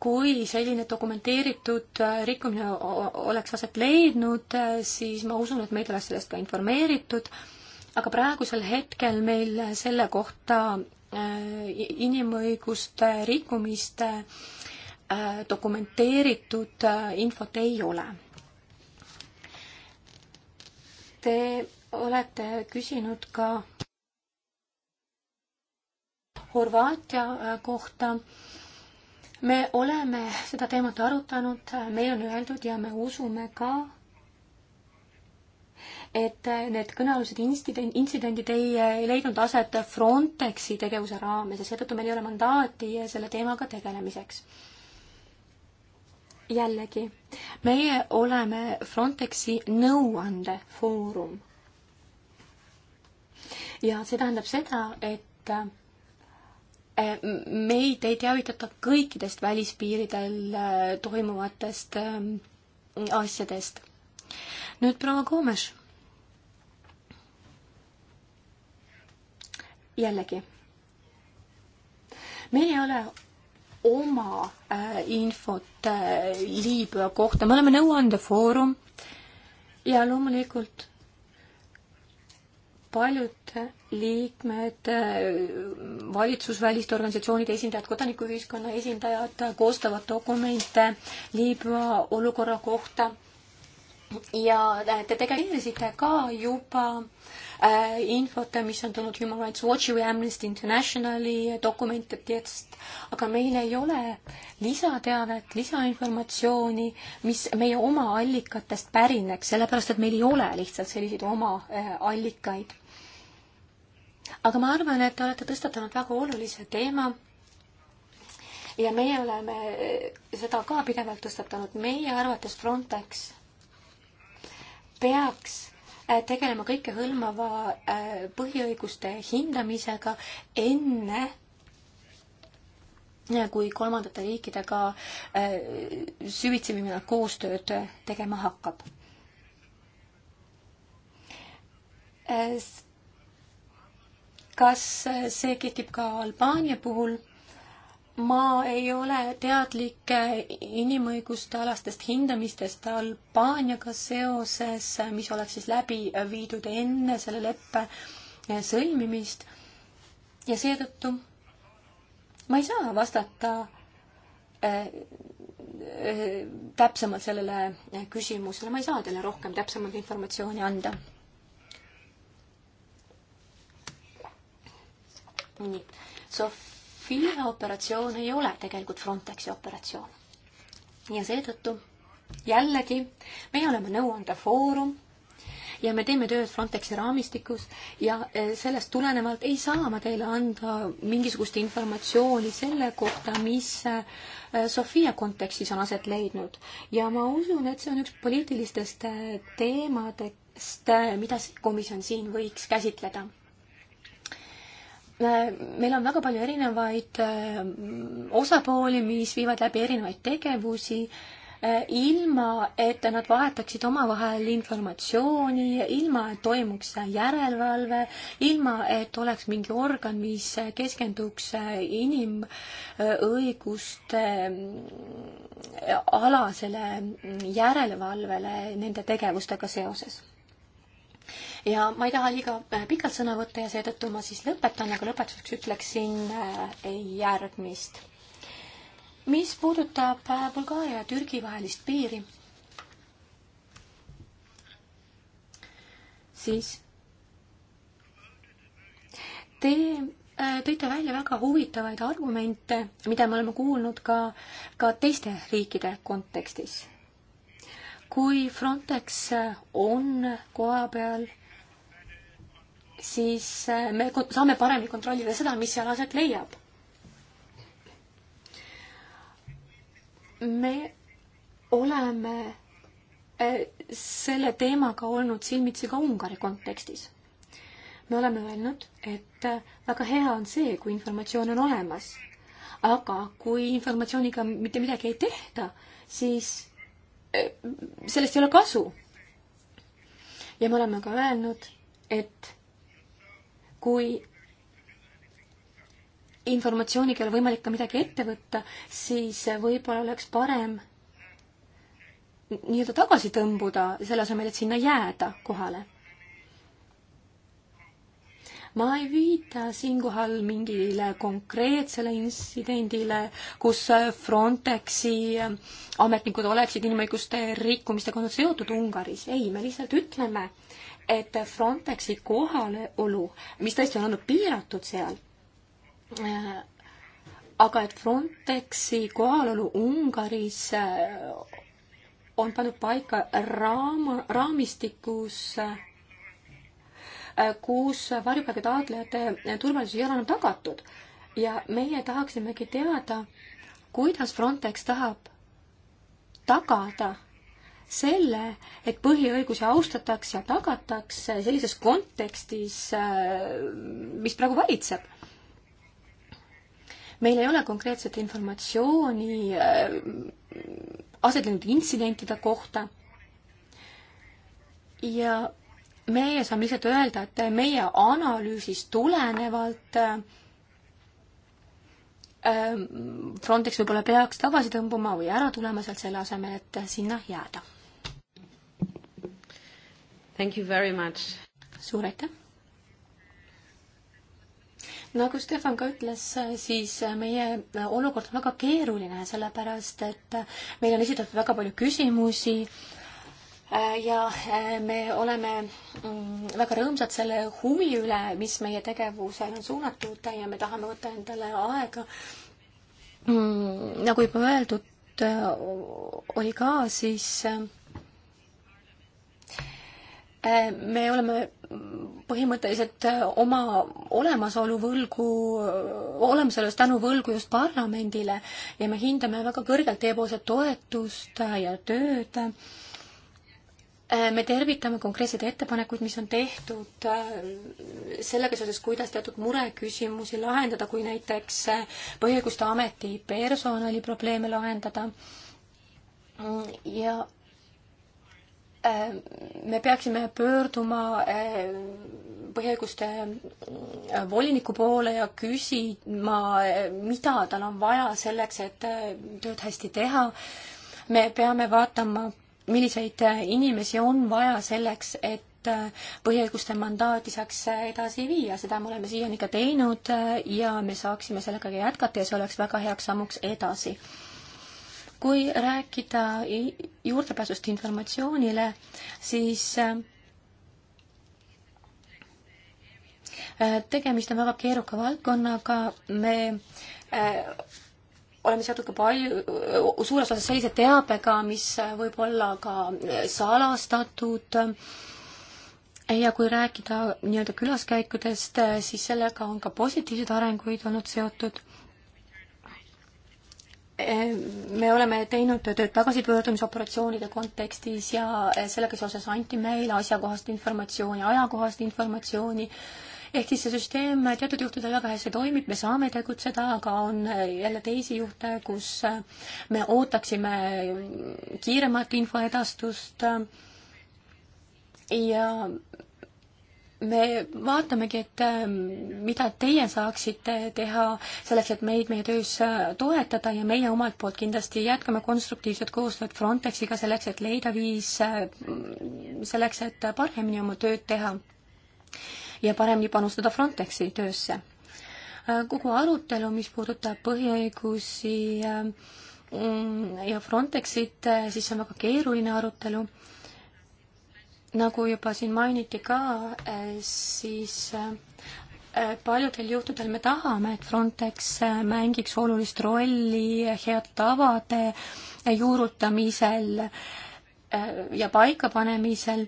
kui selline dokumenteeritud äh, rikkumine oleks aset leidnud, äh, siis ma usun, et meid oleks sellest ka informeeritud, aga praegusel hetkel meil selle kohta äh, inimõiguste rikkumiste dokumenteeritud infot ei ole. Te olete küsinud ka Horvaatia kohta me oleme seda teemat arutanud, meile on öeldud ja me usume ka, et need kõnealused intsident, intsidendid ei, ei leidnud aset Frontexi tegevuse raames ja seetõttu meil ei ole mandaati selle teemaga tegelemiseks. jällegi, meie oleme Frontexi nõuandefoorum. ja see tähendab seda, et Äh, meid ei teavitata kõikidest välispiiridel äh, toimuvatest ähm, asjadest. nüüd proua Koomes. jällegi, meil ei ole oma äh, infot äh, Liibüa kohta, me oleme nõuandefoorum ja loomulikult paljud liikmed, valitsusväliste organisatsioonide esindajad, kodanikuühiskonna esindajad koostavad dokumente Liibüa olukorra kohta ja te tegelikult ka juba äh, Äh, infot, mis on tulnud Human Rights Watchi või Amnesty Internationali dokumentidest, aga meil ei ole lisateavet, lisainformatsiooni, mis meie oma allikatest pärineks, sellepärast et meil ei ole lihtsalt selliseid oma äh, allikaid. aga ma arvan, et te olete tõstatanud väga olulise teema ja meie oleme äh, seda ka pidevalt tõstatanud. meie arvates Frontex peaks Äh, tegelema kõikehõlmava äh, põhiõiguste hindamisega enne äh, kui kolmandate riikidega süvitsi minna koostööd tegema hakkab. kas see kehtib ka Albaania puhul? ma ei ole teadlik inimõiguste alastest hindamistest Albaaniaga seoses, mis oleks siis läbi viidud enne selle leppe sõlmimist. ja seetõttu ma ei saa vastata äh, äh, täpsemalt sellele küsimusele, ma ei saa teile rohkem täpsemalt informatsiooni anda. nii, Sof-. FIE operatsioon ei ole tegelikult Frontexi operatsioon. ja seetõttu jällegi meie oleme nõuandev foorum ja me teeme tööd Frontexi raamistikus ja e, sellest tulenevalt ei saa ma teile anda mingisugust informatsiooni selle kohta, mis e, Sofia kontekstis on aset leidnud. ja ma usun, et see on üks poliitilistest e, teemadest, mida komisjon siin võiks käsitleda meil on väga palju erinevaid äh, osapooli, mis viivad läbi erinevaid tegevusi, äh, ilma et nad vahetaksid omavahel informatsiooni, ilma et toimuks järelevalve, ilma et oleks mingi organ, mis keskenduks äh, inimõiguste alasele järelevalvele nende tegevustega seoses ja ma ei taha liiga äh, pikalt sõna võtta ja seetõttu ma siis lõpetan, aga lõpetuseks ütleksin äh, järgmist. mis puudutab äh, Bulgaaria ja Türgi vahelist piiri, siis te tõite välja väga huvitavaid argumente, mida me oleme kuulnud ka, ka teiste riikide kontekstis kui Frontex on koha peal, siis me saame paremini kontrollida seda, mis seal aset leiab. me oleme eh, selle teemaga olnud silmitsi ka Ungari kontekstis. me oleme öelnud, et väga hea on see, kui informatsioon on olemas, aga kui informatsiooniga mitte midagi ei tehta, siis sellest ei ole kasu. ja me oleme ka öelnud, et kui informatsiooniga ei ole võimalik ka midagi ette võtta, siis võib-olla oleks parem nii-öelda tagasi tõmbuda, selle asemel, et sinna jääda kohale ma ei viita siinkohal mingile konkreetsele intsidendile, kus Frontexi ametnikud oleksid inimõiguste rikkumistega olnud seotud Ungaris. ei, me lihtsalt ütleme, et Frontexi kohalolu, mis tõesti on olnud piiratud seal, äh, aga et Frontexi kohalolu Ungaris äh, on pannud paika raama, raamistikus äh, kus varjupaiga taotlejate turvalisus ei ole enam tagatud. ja meie tahaksimegi teada, kuidas Frontex tahab tagada selle, et põhiõigusi austataks ja tagatakse sellises kontekstis, mis praegu valitseb. meil ei ole konkreetset informatsiooni äh, aset leidnud intsidentide kohta ja meie saame lihtsalt öelda, et meie analüüsist tulenevalt ähm, Frontex võib-olla peaks tagasi tõmbuma või ära tulema sealt selle asemel, et sinna jääda. Thank you very much. suur aitäh! nagu Stefan ka ütles, siis meie olukord on väga keeruline, sellepärast et meile on esitatud väga palju küsimusi Äh, ja äh, me oleme mm, väga rõõmsad selle huvi üle, mis meie tegevusele on suunatud ja me tahame võtta endale aega, mm, nagu juba öeldud, äh, oli ka, siis me oleme põhimõtteliselt oma olemasolu võlgu, olemasolust tänu võlgu just parlamendile ja me hindame väga kõrgelt teiepoolset toetust ja tööd Äh, me tervitame konkreetseid ettepanekuid, mis on tehtud äh, sellega seoses, kuidas teatud mureküsimusi lahendada, kui näiteks äh, Põhiõiguste Ameti personaliprobleeme lahendada. ja me peaksime pöörduma põhiõiguste voliniku poole ja küsima, mida tal on vaja selleks, et tööd hästi teha. me peame vaatama milliseid äh, inimesi on vaja selleks, et äh, põhiõiguste mandaati saaks äh, edasi viia, seda me oleme siiani ka teinud ja me saaksime sellega ka jätkata ja see oleks väga heaks sammuks edasi. kui rääkida juurdepääsust informatsioonile, siis tegemist on väga keeruka valdkonnaga, me oleme seotud ka palju, suures osas sellise teabega, mis võib olla ka salastatud ja kui rääkida nii-öelda külaskäikudest, siis sellega on ka positiivseid arenguid olnud seotud. me oleme teinud tööd tagasipöördumisoperatsioonide kontekstis ja sellega seoses anti meile asjakohast informatsiooni, ajakohast informatsiooni ehk siis see süsteem teatud juhtudel väga hästi toimib, me saame tegutseda, aga on äh, jälle teisi juhte, kus äh, me ootaksime kiiremat infoedastust äh, ja me vaatamegi, et mida teie saaksite teha selleks, et meid meie töös toetada ja meie omalt poolt kindlasti jätkame konstruktiivset koostööd Frontexiga selleks, et leida viis selleks, et paremini oma tööd teha ja paremini panustada Frontexi töösse. Äh, kogu arutelu, mis puudutab põhiõigusi äh, ja Frontexit, äh, siis see on väga keeruline arutelu. nagu juba siin mainiti ka, siis paljudel juhtudel me tahame, et Frontex mängiks olulist rolli head tavade juurutamisel ja paikapanemisel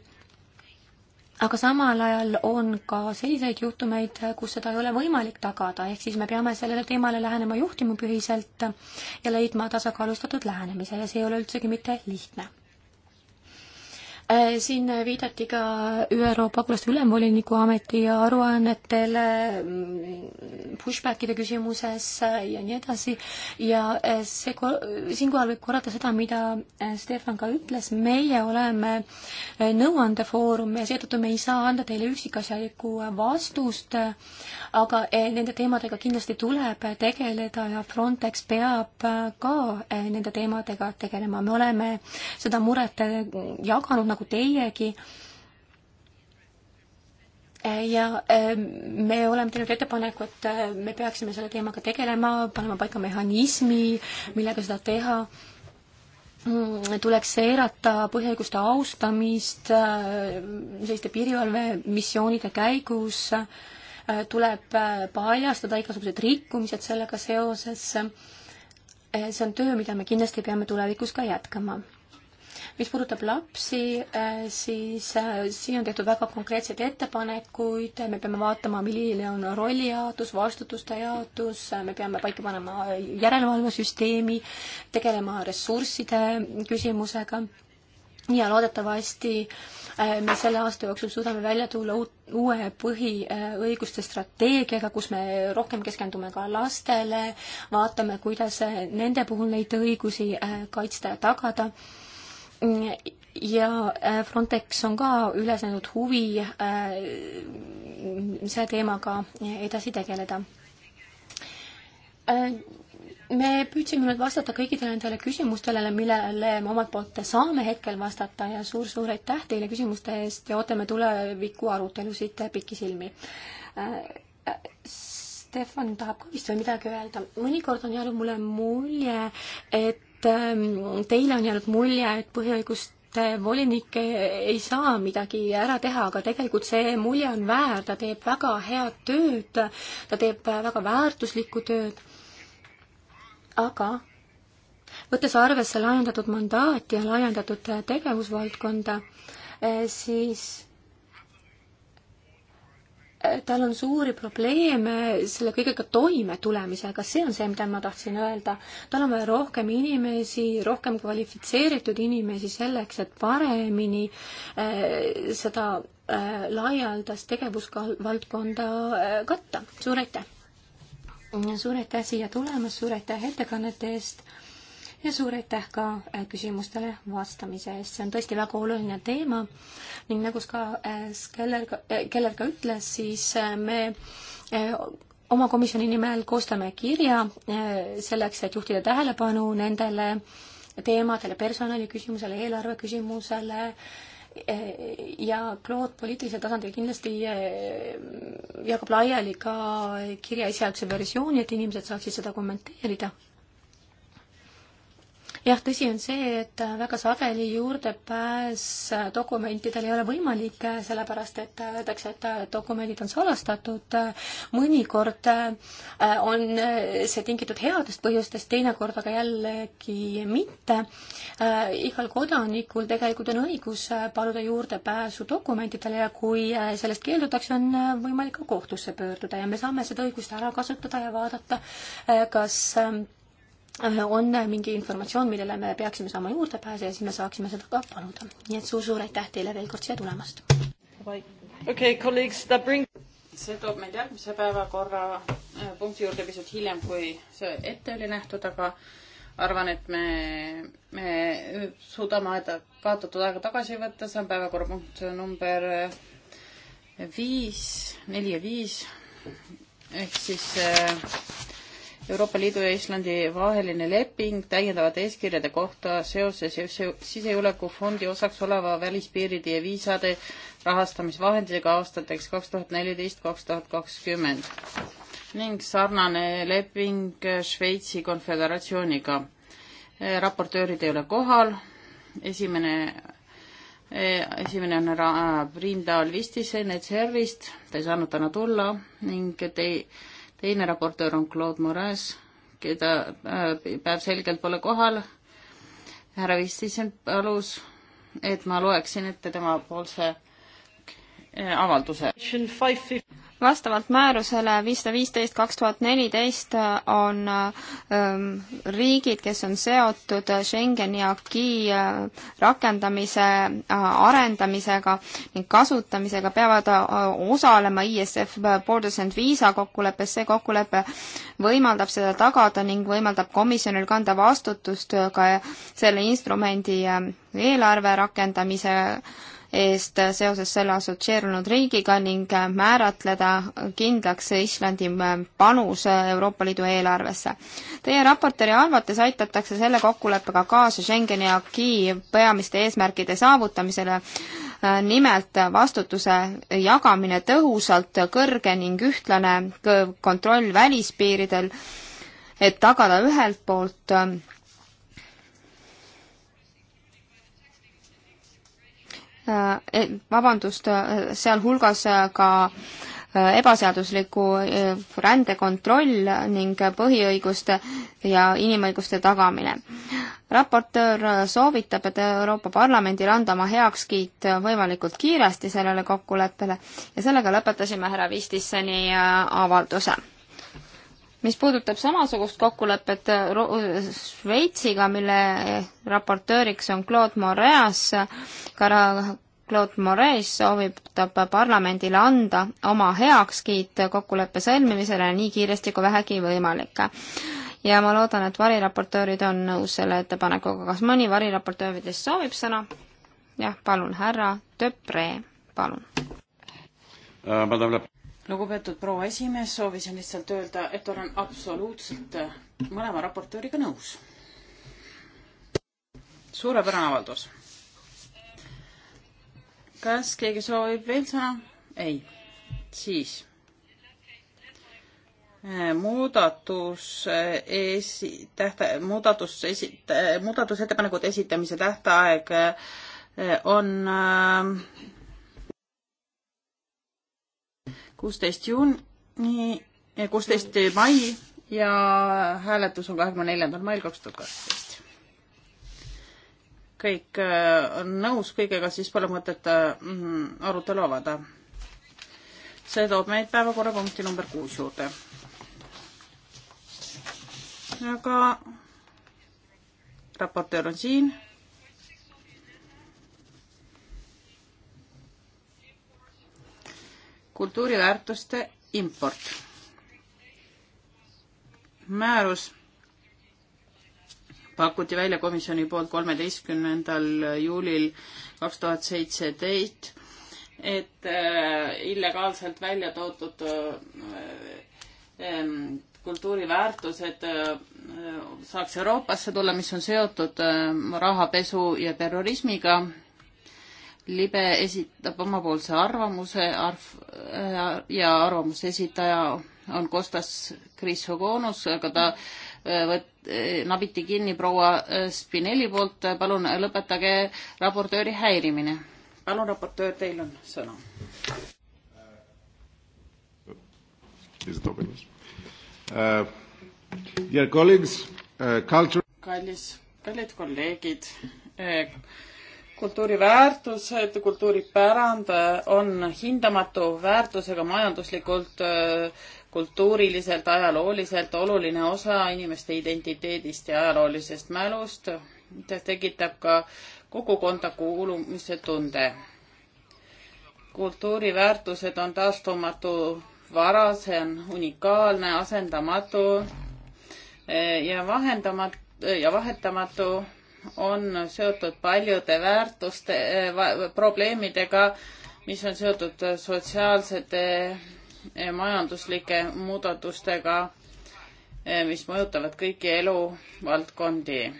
aga samal ajal on ka selliseid juhtumeid, kus seda ei ole võimalik tagada, ehk siis me peame sellele teemale lähenema juhtimipõhiselt ja leidma tasakaalustatud lähenemise ja see ei ole üldsegi mitte lihtne. Äh, siin viidati ka ÜRO pagulaste ülemvoliniku ameti aruannetele mm, pushbackide küsimuses äh, ja nii edasi ja äh, see, siinkohal võib korrata seda, mida Stefan ka ütles, meie oleme nõuandefoorum ja seetõttu me ei saa anda teile üksikasjalikku vastust, aga nende teemadega kindlasti tuleb tegeleda ja Frontex peab ka nende teemadega tegelema, me oleme seda muret jaganud, nagu nagu teiegi ja äh, me oleme teinud ettepaneku, et äh, me peaksime selle teemaga tegelema, panema paika mehhanismi, millega seda teha. Mm, tuleks seirata põhiõiguste austamist äh, selliste piirivalvemissioonide käigus, tuleb paljastada igasugused rikkumised sellega seoses. see on töö, mida me kindlasti peame tulevikus ka jätkama mis puudutab lapsi, äh, siis äh, siin on tehtud väga konkreetseid ettepanekuid, me peame vaatama, milline on rolli jaotus, vastutuste jaotus, me peame paika panema järelevalvesüsteemi, tegelema ressursside küsimusega ja loodetavasti äh, me selle aasta jooksul suudame välja tulla uut, uue põhiõiguste strateegiaga, kus me rohkem keskendume ka lastele, vaatame, kuidas nende puhul neid õigusi kaitsta ja tagada ja äh, Frontex on ka üles näinud huvi äh, selle teemaga edasi tegeleda äh, me püüdsime nüüd vastata kõikidele nendele küsimustele, millele me omalt poolt saame hetkel vastata ja suur-suur aitäh teile küsimuste eest ja ootame tuleviku arutelusid pikisilmi. Stefan tahab ka vist veel midagi öelda. mõnikord on jäänud mulle mulje, et Ähm, teile on jäänud mulje, et põhiõiguste volinik ei saa midagi ära teha, aga tegelikult see mulje on väär, ta teeb väga head tööd, ta teeb väga väärtuslikku tööd. aga võttes arvesse laiendatud mandaati ja laiendatud tegevusvaldkonda, eh, siis tal on suuri probleeme selle kõigega toimetulemisega, see on see, mida ma tahtsin öelda. tal on vaja rohkem inimesi, rohkem kvalifitseeritud inimesi selleks, et paremini äh, seda äh, laialdast tegevusvaldkonda äh, katta. suur aitäh! suur aitäh siia tulemast, suur aitäh ettekannete eest! ja suur aitäh ka äh, küsimustele vastamise eest, see on tõesti väga oluline teema ning nagu äh, ka Keller, äh, Keller ka ütles, siis me oma komisjoni nimel koostame kirja selleks, et juhtida tähelepanu nendele teemadele, personali küsimusele, eelarve küsimusele ja Claude poliitilisel tasandil kindlasti jagab laiali ka kirja esialgse versiooni, et inimesed saaksid seda kommenteerida jah, tõsi on see, et väga sageli juurdepääs dokumentidel ei ole võimalik, sellepärast et öeldakse, et dokumendid on salastatud. mõnikord äh, on see tingitud headest põhjustest, teinekord aga jällegi mitte. Äh, igal kodanikul tegelikult on õigus paluda juurdepääsu dokumentidele ja kui äh, sellest keeldutakse, on võimalik ka kohtusse pöörduda ja me saame seda õigust ära kasutada ja vaadata, kas Äh, on mingi informatsioon, millele me peaksime saama juurdepääse ja siis me saaksime seda ka paluda. nii et suur-suur aitäh teile veel kord siia tulemast. okei, kolleeg, seda bring-. see toob meid järgmise päevakorrapunkti äh, juurde pisut hiljem, kui see ette oli nähtud, aga arvan, et me, me suudame aeda, kaotatud aega tagasi võtta, see on päevakorrapunkt number äh, viis, neli ja viis ehk siis äh, Euroopa Liidu ja Islandi vaheline leping täiendavate eeskirjade kohta seoses sisejulgeolekufondi osaks oleva välispiiride ja viisade rahastamisvahenditega aastateks kaks tuhat neliteist, kaks tuhat kakskümmend ning sarnane leping Šveitsi Konföderatsiooniga. raportöörid ei ole kohal, esimene esimene on härra Priin Taal Vistise NCR-ist, ta ei saanud täna tulla ning te teine raportöör on Claude Moraes, keda äh, päevselgelt pole kohal. härra Vistisen palus, et ma loeksin ette tema poolse avalduse. vastavalt määrusele viissada viisteist kaks tuhat neliteist on ähm, riigid, kes on seotud Schengeni aki äh, rakendamise äh, arendamisega ning kasutamisega, peavad äh, osalema ISF Borders and Visa kokkuleppes. see kokkulepe võimaldab seda tagada ning võimaldab komisjonil kanda vastutust ka selle instrumendi eelarve rakendamise äh, eest seoses selle assotsieerunud riigiga ning määratleda kindlaks Islandi panus Euroopa Liidu eelarvesse. Teie raportööri arvates aitatakse selle kokkuleppega kaasa Schengeni akii peamiste eesmärkide saavutamisele nimelt vastutuse jagamine tõhusalt, kõrge ning ühtlane kontroll välispiiridel, et tagada ühelt poolt Äh, eh, vabandust, äh, sealhulgas äh, ka ebaseadusliku rändekontroll ning põhiõiguste ja inimõiguste tagamine. raportöör soovitab, et Euroopa Parlamendil anda oma heakskiit võimalikult kiiresti sellele kokkuleppele ja sellega lõpetasime härra Vistisseni avalduse mis puudutab samasugust kokkulepet äh, äh, Šveitsiga, mille äh, raportööriks on Claude Moreas, Claude Morees soovitab parlamendile anda oma heakskiit kokkuleppe sõlmimisele nii kiiresti kui vähegi võimalik. ja ma loodan, et variraportöörid on nõus selle ettepanekuga. kas mõni variraportööridest soovib sõna? jah, palun, härra Töpre, palun uh, lugupeetud proua esimees, soovisin lihtsalt öelda, et olen absoluutselt mõlema raportööriga nõus. suurepärane avaldus. kas keegi soovib veel sõna? ei. siis eh, muudatus eh, esi-, tähta-, muudatus esi-, eh, muudatusettepanekute esitamise tähtaeg on äh, kuusteist juuni, eh, kuusteist mai ja hääletus on kahekümne neljandal mail kaks tuhat kaksteist. kõik eh, on nõus kõigega, siis pole mõtet eh, mm, arutelu avada. see toob meid päevakorrapunkti number kuus juurde. aga raportöör on siin kultuuriväärtuste import. määrus pakuti välja komisjoni poolt kolmeteistkümnendal juulil kaks tuhat seitseteist, et äh, illegaalselt välja toodud äh, ähm, kultuuriväärtused äh, saaks Euroopasse tulla, mis on seotud äh, rahapesu ja terrorismiga libe esitab omapoolse arvamuse arv, äh, ja arvamuse esitaja on Kostas Krisogonus, aga ta äh, võt-, äh, nabiti kinni proua Spinelli poolt, palun lõpetage raportööri häirimine. palun, raportöör, teil on sõna. Uh, uh, kallis, kallid kolleegid kultuuriväärtused, kultuuripärand äh, on hindamatu väärtusega majanduslikult, äh, kultuuriliselt, ajalooliselt oluline osa inimeste identiteedist ja ajaloolisest mälust. ta tekitab ka kogukonda kuulumise tunde. kultuuriväärtused on taastumatu vara, see on unikaalne, asendamatu äh, ja vahendamatu ja vahetamatu on seotud paljude väärtuste, eh, probleemidega, mis on seotud sotsiaalsete eh, majanduslike muudatustega, eh, mis mõjutavad kõiki eluvaldkondi.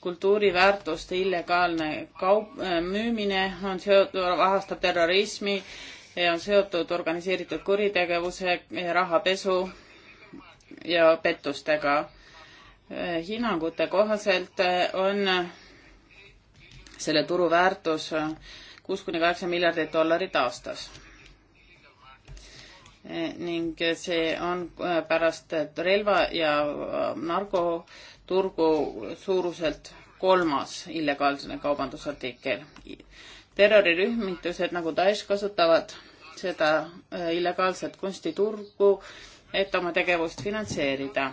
kultuuriväärtuste illegaalne kaup, müümine on seotud, rahastab terrorismi, on seotud organiseeritud kuritegevuse, rahapesu ja pettustega hinnangute kohaselt eh, on selle turu väärtus kuus kuni kaheksa miljardit dollarit aastas. Eh, ning see on eh, pärast relva ja narkoturgu suuruselt kolmas illegaalne kaubandusartikkel. terrorirühmitused nagu Daesh kasutavad seda illegaalset kunstiturgu, et oma tegevust finantseerida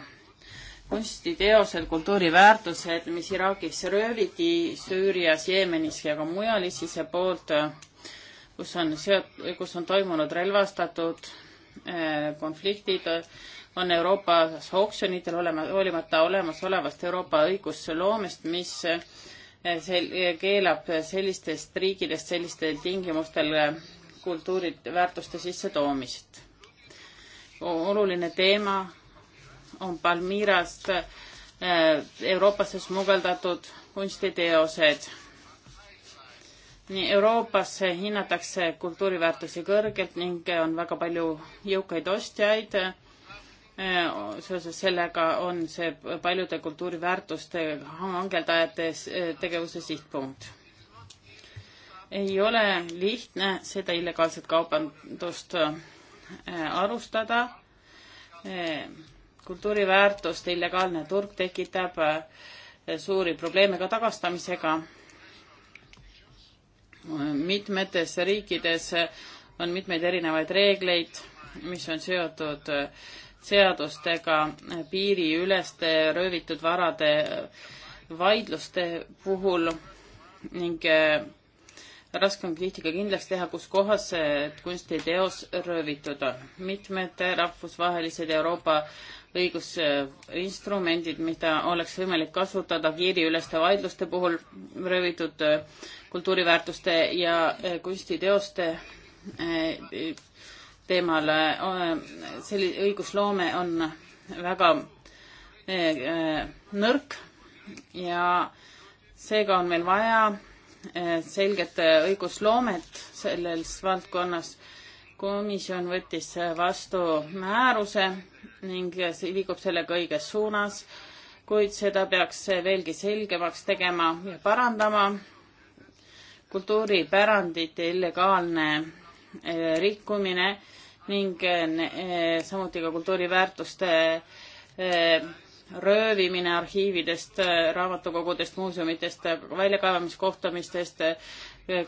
kunstiteosed, kultuuriväärtused, mis Iraagis rööviti, Süürias, Jeemenis ja ka mujal ISISe poolt, kus on seot-, kus on toimunud relvastatud eh, konfliktid, on Euroopas oksjonitel olema, hoolimata olemasolevast Euroopa õigusloomest, mis eh, sel-, keelab sellistest riikidest sellistel tingimustel eh, kultuuriväärtuste sissetoomist. oluline teema on Palmirast äh, Euroopasse smugeldatud kunstiteosed. nii Euroopasse hinnatakse kultuuriväärtusi kõrgelt ning on väga palju jõukaid ostjaid. Äh, seoses sellega on see paljude kultuuriväärtuste hangeldajate äh, tegevuse sihtpunkt ei ole lihtne seda illegaalset kaubandust alustada kultuuriväärtust illegaalne turg tekitab eh, suuri probleeme ka tagastamisega. mitmetes riikides eh, on mitmeid erinevaid reegleid, mis on seotud eh, seadustega piiriüleste röövitud varade vaidluste puhul ning raske on tihti ka kindlaks teha, kus kohas see kunstiteos röövitud on. mitmed rahvusvahelised Euroopa õigusinstrumendid, mida oleks võimalik kasutada piiriüleste vaidluste puhul röövitud äh, kultuuriväärtuste ja äh, kunstiteoste äh, teemal. selline õigusloome on väga nõrk ja seega on meil vaja selget õigusloomet selles valdkonnas. komisjon võttis vastu määruse ning liigub sellega õiges suunas, kuid seda peaks veelgi selgemaks tegema ja parandama. kultuuripärandite illegaalne eh, rikkumine ning eh, eh, samuti ka kultuuriväärtuste röövimine arhiividest, raamatukogudest, muuseumitest, väljakaevamiskohtumistest,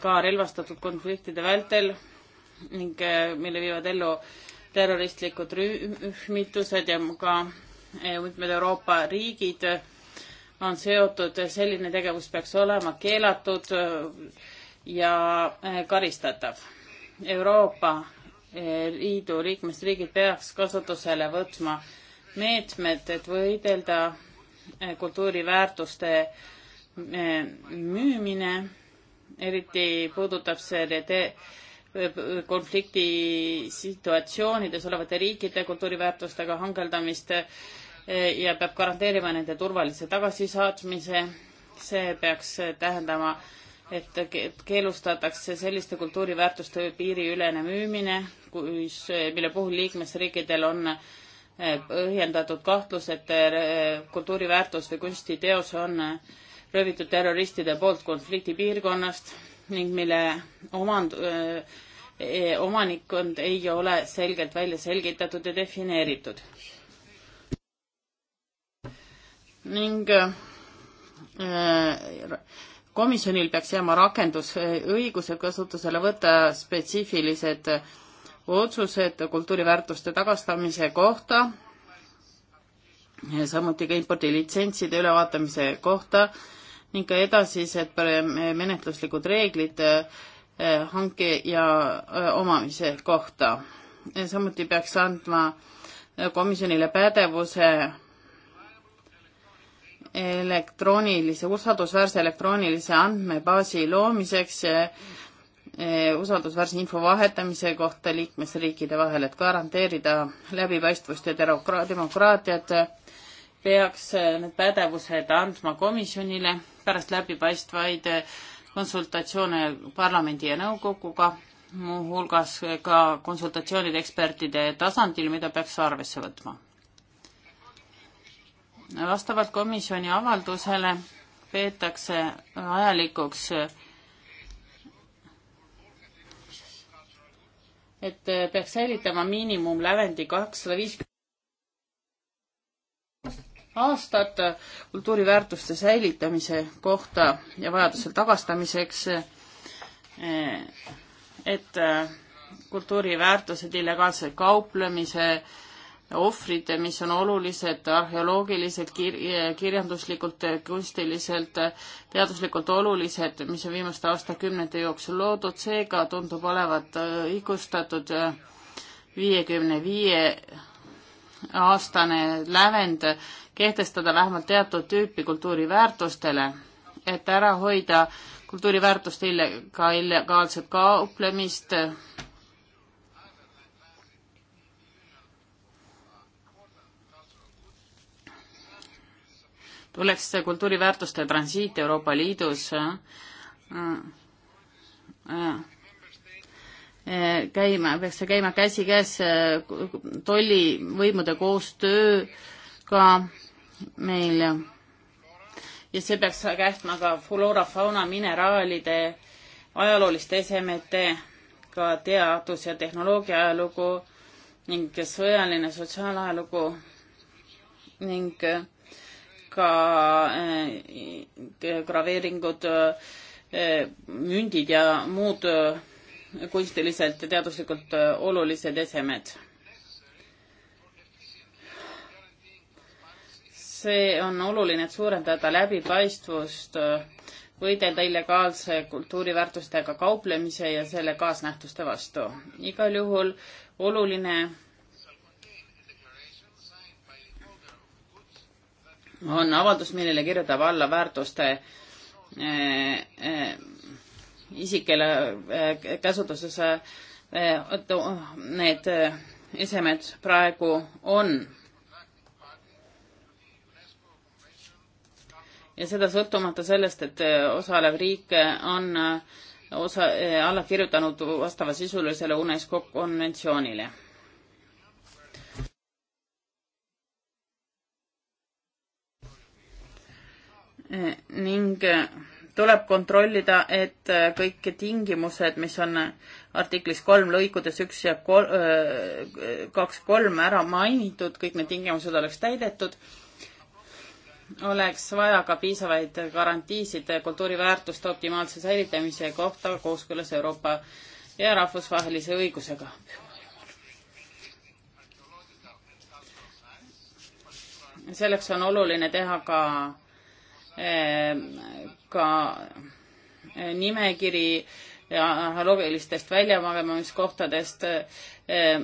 ka relvastatud konfliktide vältel ning mille viivad ellu terroristlikud rühmitused ja ka eh, mitmed Euroopa riigid on seotud, selline tegevus peaks olema keelatud eh, ja eh, karistatav. Euroopa Liidu liikmesriigid peaks kasutusele võtma meetmed, et võidelda kultuuriväärtuste müümine, eriti puudutab see konflikti situatsioonides olevate riikide kultuuriväärtustega hangeldamist eh, ja peab garanteerima nende turvalise tagasisaatmise. see peaks tähendama, et keelustatakse selliste kultuuriväärtuste piiriülene müümine, kus, mille puhul liikmesriikidel on eh, põhjendatud kahtlus, et eh, kultuuriväärtus või kunstiteos on röövitud terroristide poolt konfliktipiirkonnast ning mille omand öö, omanikkond ei ole selgelt välja selgitatud ja defineeritud. ning komisjonil peaks jääma rakendusõigused kasutusele võtta spetsiifilised otsused kultuuriväärtuste tagastamise kohta, samuti ka impordilitsentside ülevaatamise kohta ning ka edasised menetluslikud reeglid eh, hanke ja eh, omamise kohta. samuti peaks andma eh, komisjonile pädevuse elektroonilise, usaldusväärse elektroonilise andmebaasi loomiseks usaldusväärse info vahetamise kohta liikmesriikide vahel, et garanteerida läbipaistvust ja demokraatiat peaks äh, need pädevused andma komisjonile pärast läbipaistvaid äh, konsultatsioone parlamendi ja nõukoguga, muuhulgas äh, ka konsultatsioonid ekspertide tasandil, mida peaks arvesse võtma. vastavalt komisjoni avaldusele peetakse vajalikuks, et peaks säilitama miinimumlävendi kakssada viiskümmend aastat kultuuriväärtuste säilitamise kohta ja vajadusel tagastamiseks, eh, et eh, kultuuriväärtused, illegaalse kauplemise ohvrid, mis on olulised arheoloogiliselt kir, kirjanduslikult, kunstiliselt, teaduslikult olulised, mis on viimaste aastakümnete jooksul loodud, seega tundub olevat õigustatud viiekümne viie aastane lävend kehtestada vähemalt teatud tüüpi kultuuriväärtustele, et ära hoida kultuuriväärtuste illega illegaalset kauplemist. tuleks kultuuriväärtuste transiit Euroopa Liidus äh, äh, käima, peaks see käima käsikäes äh, tollivõimude koostööga meil ja see peaks kähtma ka floora, fauna, mineraalide, ajalooliste esemete, ka teadus- ja tehnoloogia ajalugu ning sõjaline sotsiaalajalugu ning ka äh, graveeringud, äh, mündid ja muud äh, kunstiliselt ja teaduslikult olulised esemed see on oluline, et suurendada läbipaistvust, võidelda illegaalse kultuuriväärtustega kauplemise ja selle kaasnähtuste vastu. igal juhul oluline on avaldus, millele kirjutab alla väärtuste eh, eh, isikele eh, käsutuses eh, oh, need eh, esemed praegu on ja seda sõltumata sellest, et äh, osalev riik äh, on äh, osa, alla kirjutanud vastavasisulisele UNESCO konventsioonile. ning tuleb kontrollida, et kõik tingimused, mis on artiklis kolm lõikudes üks ja kol-, kaks, kolm ära mainitud, kõik need tingimused oleks täidetud oleks vaja ka piisavaid garantiisid kultuuriväärtuste optimaalse säilitamise kohta kooskõlas Euroopa ja rahvusvahelise õigusega. selleks on oluline teha ka, eh, ka eh, nimekiri analoogilistest väljamagamiskohtadest, eh,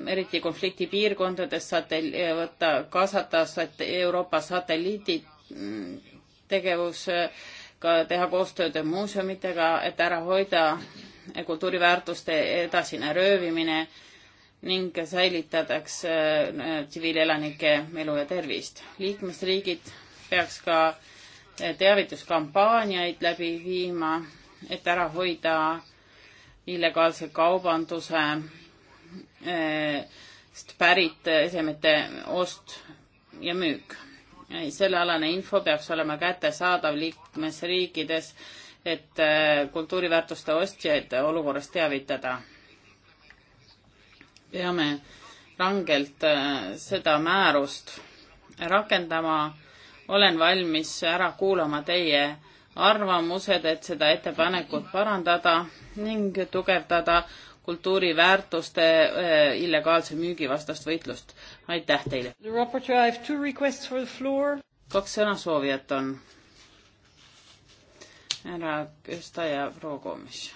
eriti konfliktipiirkondades saate võtta, kaasata Euroopa satelliidid tegevusega äh, teha koostööd muuseumitega, et ära hoida kultuuriväärtuste edasine röövimine ning säilitataks äh, tsiviilelanike elu ja tervist. liikmesriigid peaks ka äh, teavituskampaaniaid läbi viima, et ära hoida illegaalse kaubanduse pärit esemete ost ja müük sellealane info peaks olema kättesaadav liikmesriikides, et äh, kultuuriväärtuste ostjaid olukorrast teavitada. peame rangelt äh, seda määrust rakendama. olen valmis ära kuulama teie arvamused, et seda ettepanekut parandada ning tugevdada kultuuriväärtuste äh, illegaalse müügi vastast võitlust aitäh teile. kaks sõnasoovijat on. härra Kösta ja proua Koomis.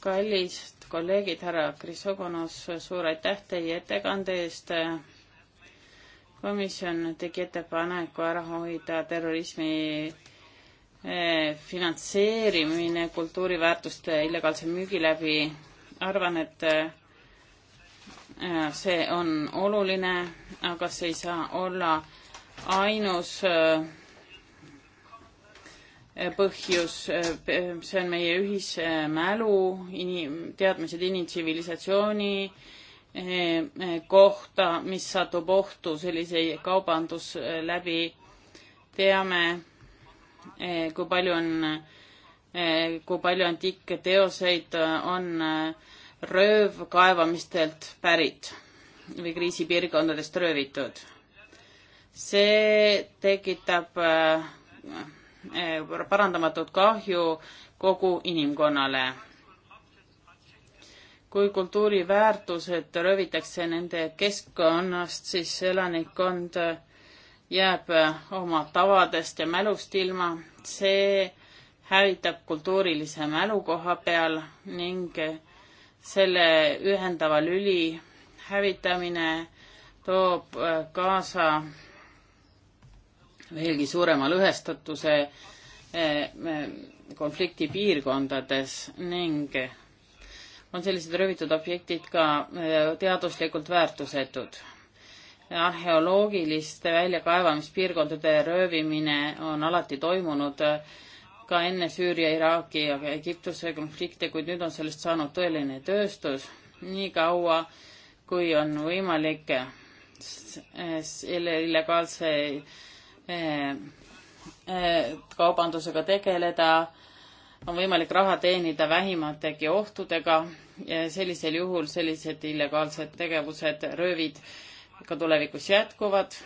kallid kolleegid, härra Krisogonos, suur aitäh teie ettekande eest komisjon tegi ettepaneku ära hoida terrorismi eh, finantseerimine kultuuriväärtuste illegaalse müügi läbi. arvan, et eh, Äh, see on oluline, aga see ei saa olla ainus äh, põhjus, äh, see on meie ühismälu, inim-, teadmised inimtsivilisatsiooni kohta, mis satub ohtu sellise kaubandus läbi. teame, kui palju on, kui palju antiikteoseid on, on röövkaevamistelt pärit või kriisipiirkondadest röövitud. see tekitab äh, äh, parandamatut kahju kogu inimkonnale. kui kultuuriväärtused röövitakse nende keskkonnast, siis elanikkond jääb oma tavadest ja mälust ilma. see hävitab kultuurilise mälu koha peal ning selle ühendava lüli hävitamine toob äh, kaasa veelgi suurema lõhestatuse äh, äh, konflikti piirkondades ning on sellised röövitud objektid ka teaduslikult väärtusetud. arheoloogiliste väljakaevamispiirkondade röövimine on alati toimunud ka enne Süüria, Iraagi ja Egiptuse konflikte, kuid nüüd on sellest saanud tõeline tööstus. nii kaua, kui on võimalik selle illegaalse eh, eh, kaubandusega tegeleda, on võimalik raha teenida vähimategi ohtudega. sellisel juhul sellised illegaalsed tegevused, röövid ka tulevikus jätkuvad.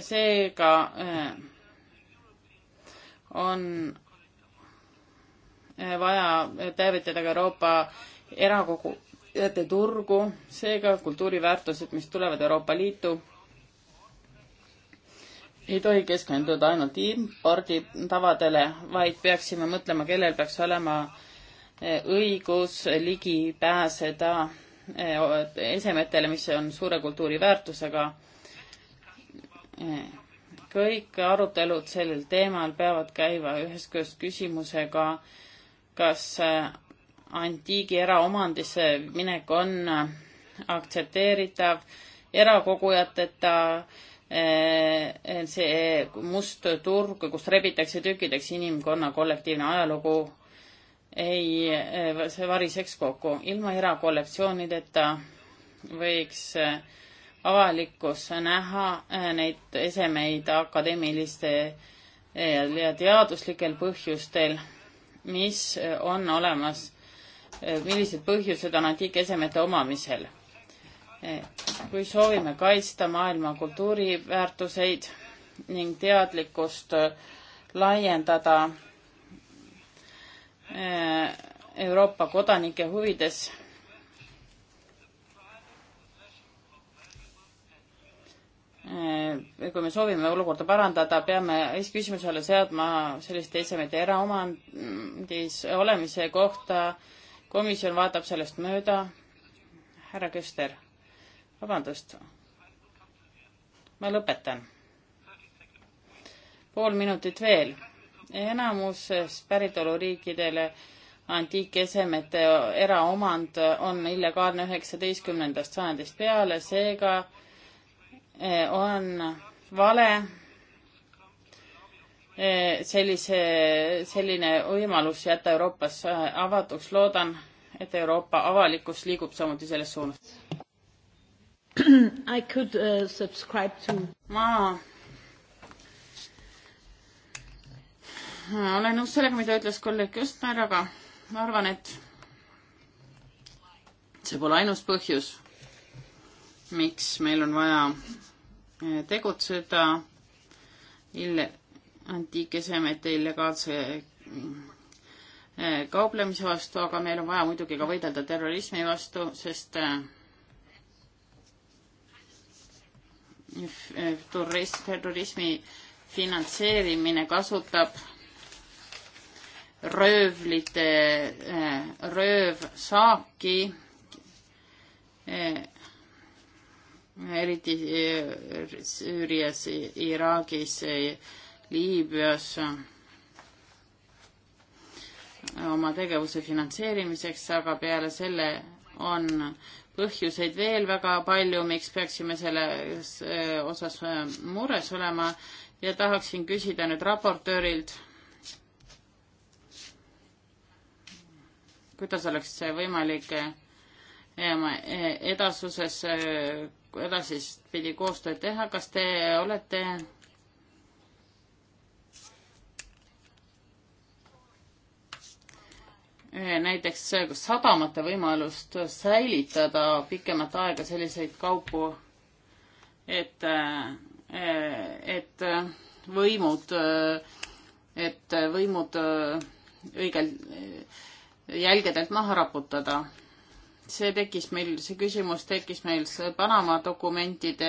seega äh, on vaja teavitada ka Euroopa erakogujate turgu, seega kultuuriväärtused, mis tulevad Euroopa Liitu, ei tohi keskenduda ainult imporditavadele, vaid peaksime mõtlema, kellel peaks olema eh, õigus ligi pääseda eh, esemetele, mis on suure kultuuriväärtusega eh, kõik arutelud sellel teemal peavad käima üheskoos küsimusega, kas äh, antiigi eraomandisse minek on äh, aktsepteeritav erakogujateta, äh, see must turg, kus rebitakse tükkideks inimkonna kollektiivne ajalugu, ei, see variseks kokku. ilma erakollektsioonideta võiks äh, avalikkus näha eh, neid esemeid akadeemiliste eh, ja teaduslikel põhjustel, mis eh, on olemas, millised põhjused on antiikesemete omamisel. kui soovime kaitsta maailma kultuuriväärtuseid ning teadlikkust laiendada Euroopa kodanike huvides, Äh, kui me soovime olukorda parandada, peame küsimuse seadma selliste esemete eraomandis olemise kohta. komisjon vaatab sellest mööda. härra Köster, vabandust. ma lõpetan. pool minutit veel. enamuses päritoluriikidele antiikesemete eraomand on illegaalne üheksateistkümnendast sajandist peale, seega Eh, on vale eh, sellise, selline võimalus jätta Euroopas eh, avatuks. loodan, et Euroopa avalikkus liigub samuti selles suunas. I could uh, subscribe to ma olen nõus sellega, mida ütles kolleeg Justner, aga ma arvan, et see pole ainus põhjus, miks meil on vaja tegutseda ille-, antiikesemete illegaalse eh, kauplemise vastu, aga meil on vaja muidugi ka võidelda terrorismi vastu, sest eh, eh, turism, terrorismi finantseerimine kasutab röövlite, röövsaaki eriti eh, Süürias, Iraagis, Liibüas oma tegevuse finantseerimiseks, aga peale selle on põhjuseid veel väga palju, miks peaksime selles eh, osas eh, mures olema ja tahaksin küsida nüüd raportöörilt, kuidas oleks võimalik edasuses edaspidi koostööd teha, kas te olete näiteks sadamate võimalust säilitada pikemat aega selliseid kaupu, et, et võimud, et võimud õigel jälgedelt maha raputada see tekkis meil, see küsimus tekkis meil Panama dokumentide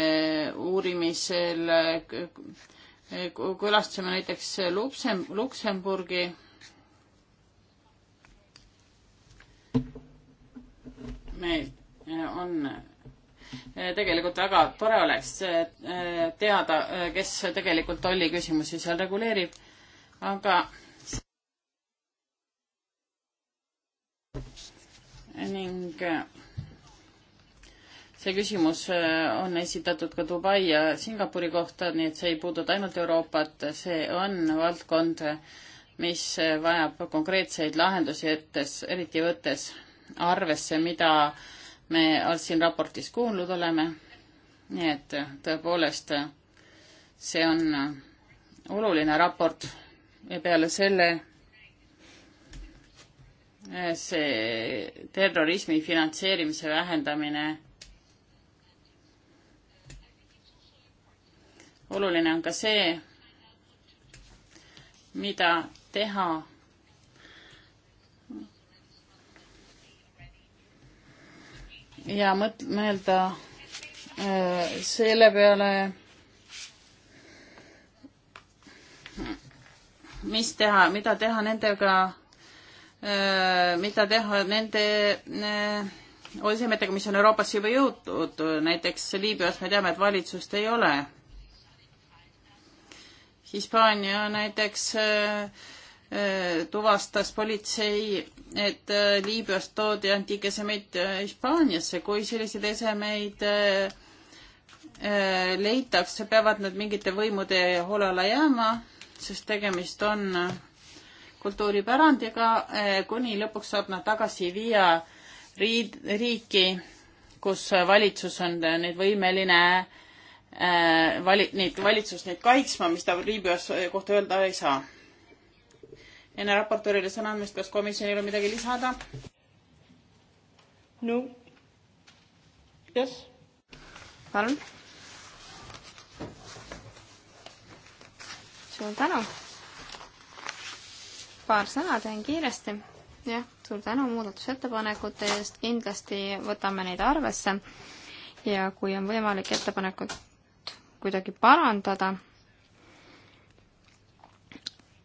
eh, uurimisel. Eh, külastasime näiteks Luksem-, Luksemburgi meil eh, on tegelikult väga tore oleks teada, kes tegelikult tolli küsimusi seal reguleerib, aga ning äh, see küsimus äh, on esitatud ka Dubai ja Singapuri kohta, nii et see ei puuduta ainult Euroopat, see on valdkond, mis äh, vajab konkreetseid lahendusi, ettes, eriti võttes arvesse, mida me siin raportis kuulnud oleme. nii et tõepoolest see on oluline raport ja peale selle see terrorismi finantseerimise vähendamine. oluline on ka see, mida teha ja mõt-, mõelda äh, selle peale, mis teha, mida teha nendega, Äh, mida teha nende äh, osemetega, mis on Euroopasse juba jõudnud, näiteks Liibüas me teame, et valitsust ei ole. Hispaania näiteks äh, tuvastas politsei, et Liibüast toodi antikesemeid Hispaaniasse, kui selliseid esemeid leitakse, peavad nad mingite võimude hoole alla jääma, sest tegemist on kultuuripärandiga, eh, kuni lõpuks saab nad tagasi viia riid, riiki, kus valitsus on neid võimeline eh, vali-, neid, valitsus neid kaitsma, mis ta Liibüas eh, kohta öelda ei saa. enne raportöörile sõna andmist, kas komisjonil on midagi lisada? no yes. palun. suur tänu paar sõna teen kiiresti. jah, suur tänu muudatusettepanekute eest, kindlasti võtame neid arvesse ja kui on võimalik ettepanekut kuidagi parandada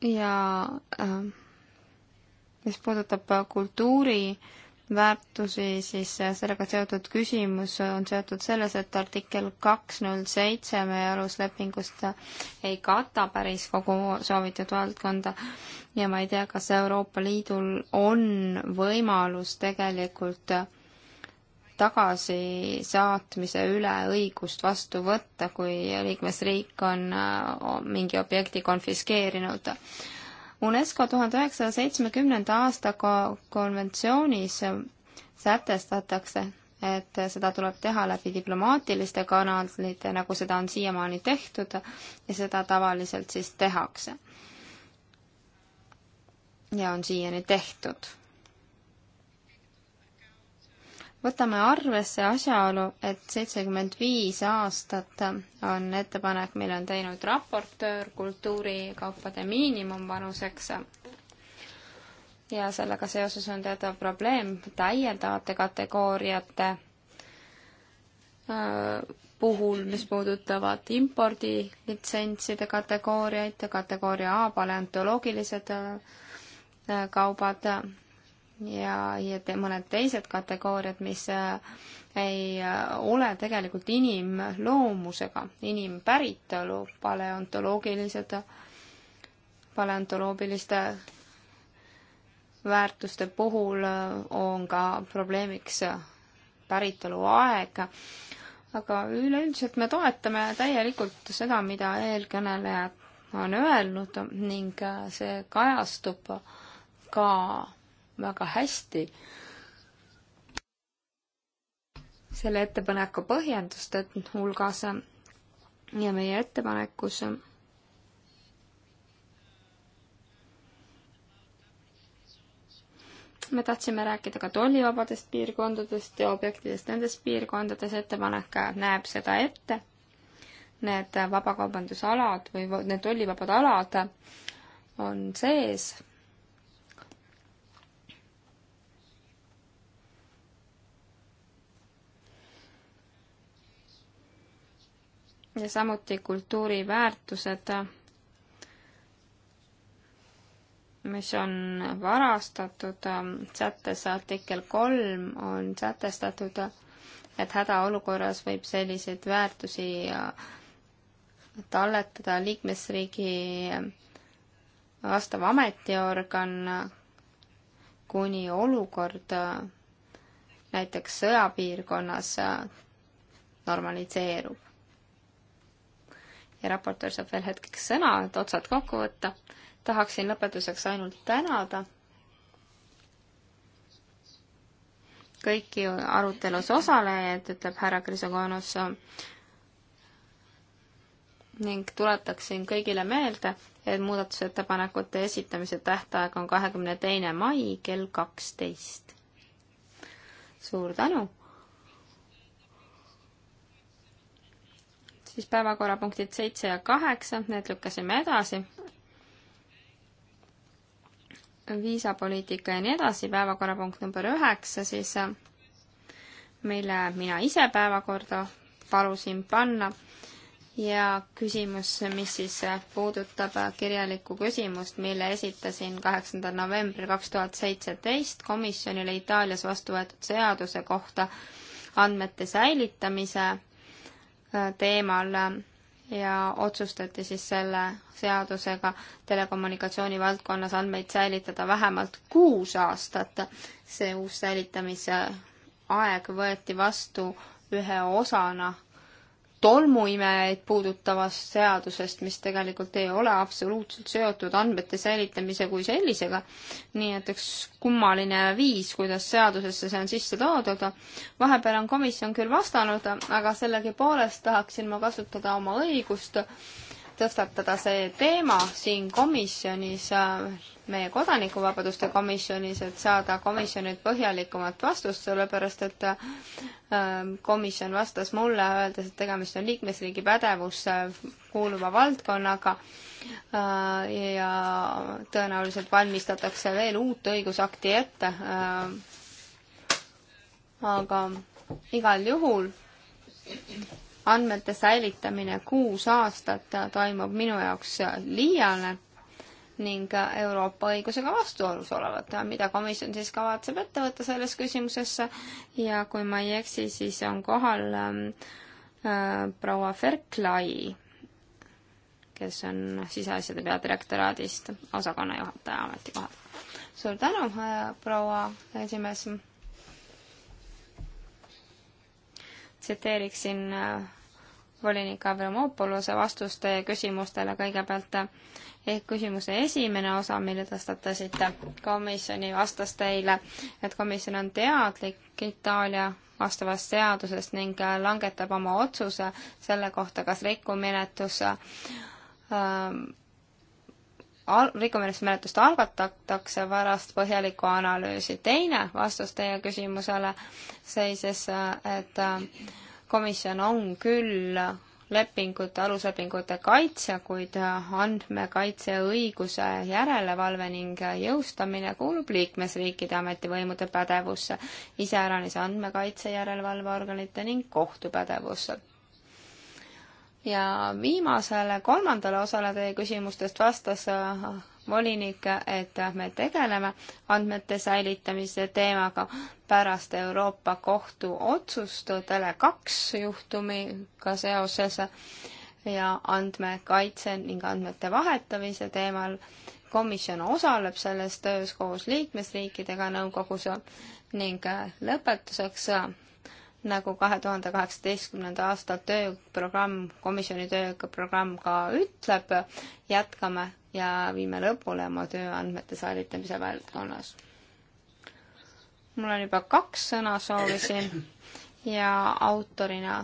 ja äh, mis puudutab kultuuri äh, väärtusi, siis sellega seotud küsimus on seotud selles, et artikkel kaks null seitse meie aluslepingust ei kata päris kogu soovitud valdkonda ja ma ei tea, kas Euroopa Liidul on võimalus tegelikult tagasisaatmise üle õigust vastu võtta, kui liikmesriik on mingi objekti konfiskeerinud UNESCO tuhande üheksasaja seitsmekümnenda aasta konventsioonis sätestatakse, et seda tuleb teha läbi diplomaatiliste kanalite, nagu seda on siiamaani tehtud ja seda tavaliselt siis tehakse. ja on siiani tehtud võtame arvesse asjaolu, et seitsekümmend viis aastat on ettepanek, mille on teinud raportöör kultuurikaupade miinimumvanuseks. ja sellega seoses on teatav probleem täiendavate kategooriate äh, puhul, mis puudutavad impordilitsentside kategooriaid, kategooria A paleontoloogilised äh, kaubad ja, ja te, mõned teised kategooriad, mis äh, ei äh, ole tegelikult inimloomusega, inimpäritolu, paleontoloogilised, paleontoloogiliste väärtuste puhul äh, on ka probleemiks päritoluaeg, aga üleüldiselt me toetame täielikult seda, mida eelkõnelejad on öelnud ning see kajastub ka väga hästi selle ettepaneku põhjenduste hulgas ja meie ettepanekus me tahtsime rääkida ka tollivabadest piirkondadest ja objektidest nendes piirkondades, ettepanek näeb seda ette. Need vabakaubandusalad või need tollivabad alad on sees ja samuti kultuuriväärtused, mis on varastatud ähm, sättes artikkel kolm, on sätestatud, et hädaolukorras võib selliseid väärtusi äh, talletada liikmesriigi ähm, vastav ametiorgan kuni olukord äh, näiteks sõjapiirkonnas äh, normaliseerub ja raportöör saab veel hetkeks sõna, et otsad kokku võtta. tahaksin lõpetuseks ainult tänada kõiki arutelus osalejaid, ütleb härra Krisokonos, ning tuletaksin kõigile meelde, et muudatusettepanekute esitamise tähtaeg on kahekümne teine mai kell kaksteist. suur tänu! siis päevakorrapunktid seitse ja kaheksa, need lükkasime edasi. viisapoliitika ja nii edasi, päevakorrapunkt number üheksa siis, mille mina ise päevakorda palusin panna ja küsimus, mis siis puudutab kirjalikku küsimust, mille esitasin kaheksandal novembril kaks tuhat seitseteist komisjonile Itaalias vastu võetud seaduse kohta andmete säilitamise teemal ja otsustati siis selle seadusega telekommunikatsiooni valdkonnas andmeid säilitada vähemalt kuus aastat. see uus säilitamise aeg võeti vastu ühe osana tolmuimejaid puudutavast seadusest, mis tegelikult ei ole absoluutselt seotud andmete säilitamise kui sellisega. nii et üks kummaline viis, kuidas seadusesse see on sisse toodud. vahepeal on komisjon küll vastanud, aga sellegipoolest tahaksin ma kasutada oma õigust tõstatada see teema siin komisjonis, meie kodanikuvabaduste komisjonis, et saada komisjonilt põhjalikumat vastust, sellepärast et ähm, komisjon vastas mulle, öeldes, et tegemist on liikmesriigi pädevusse kuuluva valdkonnaga äh, ja tõenäoliselt valmistatakse veel uut õigusakti ette. Äh, aga igal juhul andmete säilitamine kuus aastat toimub minu jaoks liiale ning Euroopa õigusega vastuolus olevat, mida komisjon siis kavatseb ette võtta selles küsimuses ja kui ma ei eksi, siis on kohal ähm, äh, proua Ferklai, kes on siseasjade peadirektoraadist osakonna juhataja ametikohal. suur tänu äh,, proua esimees tsiteeriksin äh, volinik Avramopolose vastust teie küsimustele kõigepealt ehk küsimuse esimene osa, mille tõstatasite komisjoni, vastas teile, et komisjon on teadlik Itaalia vastavast seadusest ning äh, langetab oma otsuse selle kohta, kas rikkuminetlus ähm, al-, rikkumismenetlust algatatakse pärast põhjalikku analüüsi. teine vastus teie küsimusele seisis, et komisjon on küll lepingute, aluslepingute kaitse, kuid andmekaitseõiguse järelevalve ning jõustamine kuulub liikmesriikide ametivõimude pädevusse, iseäranis andmekaitse järelevalveorganite ning kohtu pädevusse ja viimasele, kolmandale osale teie küsimustest vastas äh, volinik, et me tegeleme andmete säilitamise teemaga pärast Euroopa Kohtu otsust Tele2 juhtumiga seoses ja andmekaitse ning andmete vahetamise teemal. komisjon osaleb selles töös koos liikmesriikidega nõukogus ning äh, lõpetuseks äh, nagu kahe tuhande kaheksateistkümnenda aasta tööprogramm, komisjoni tööprogramm ka ütleb, jätkame ja viime lõpule oma tööandmete säilitamise valdkonnas. mul on juba kaks sõna soovisin ja autorina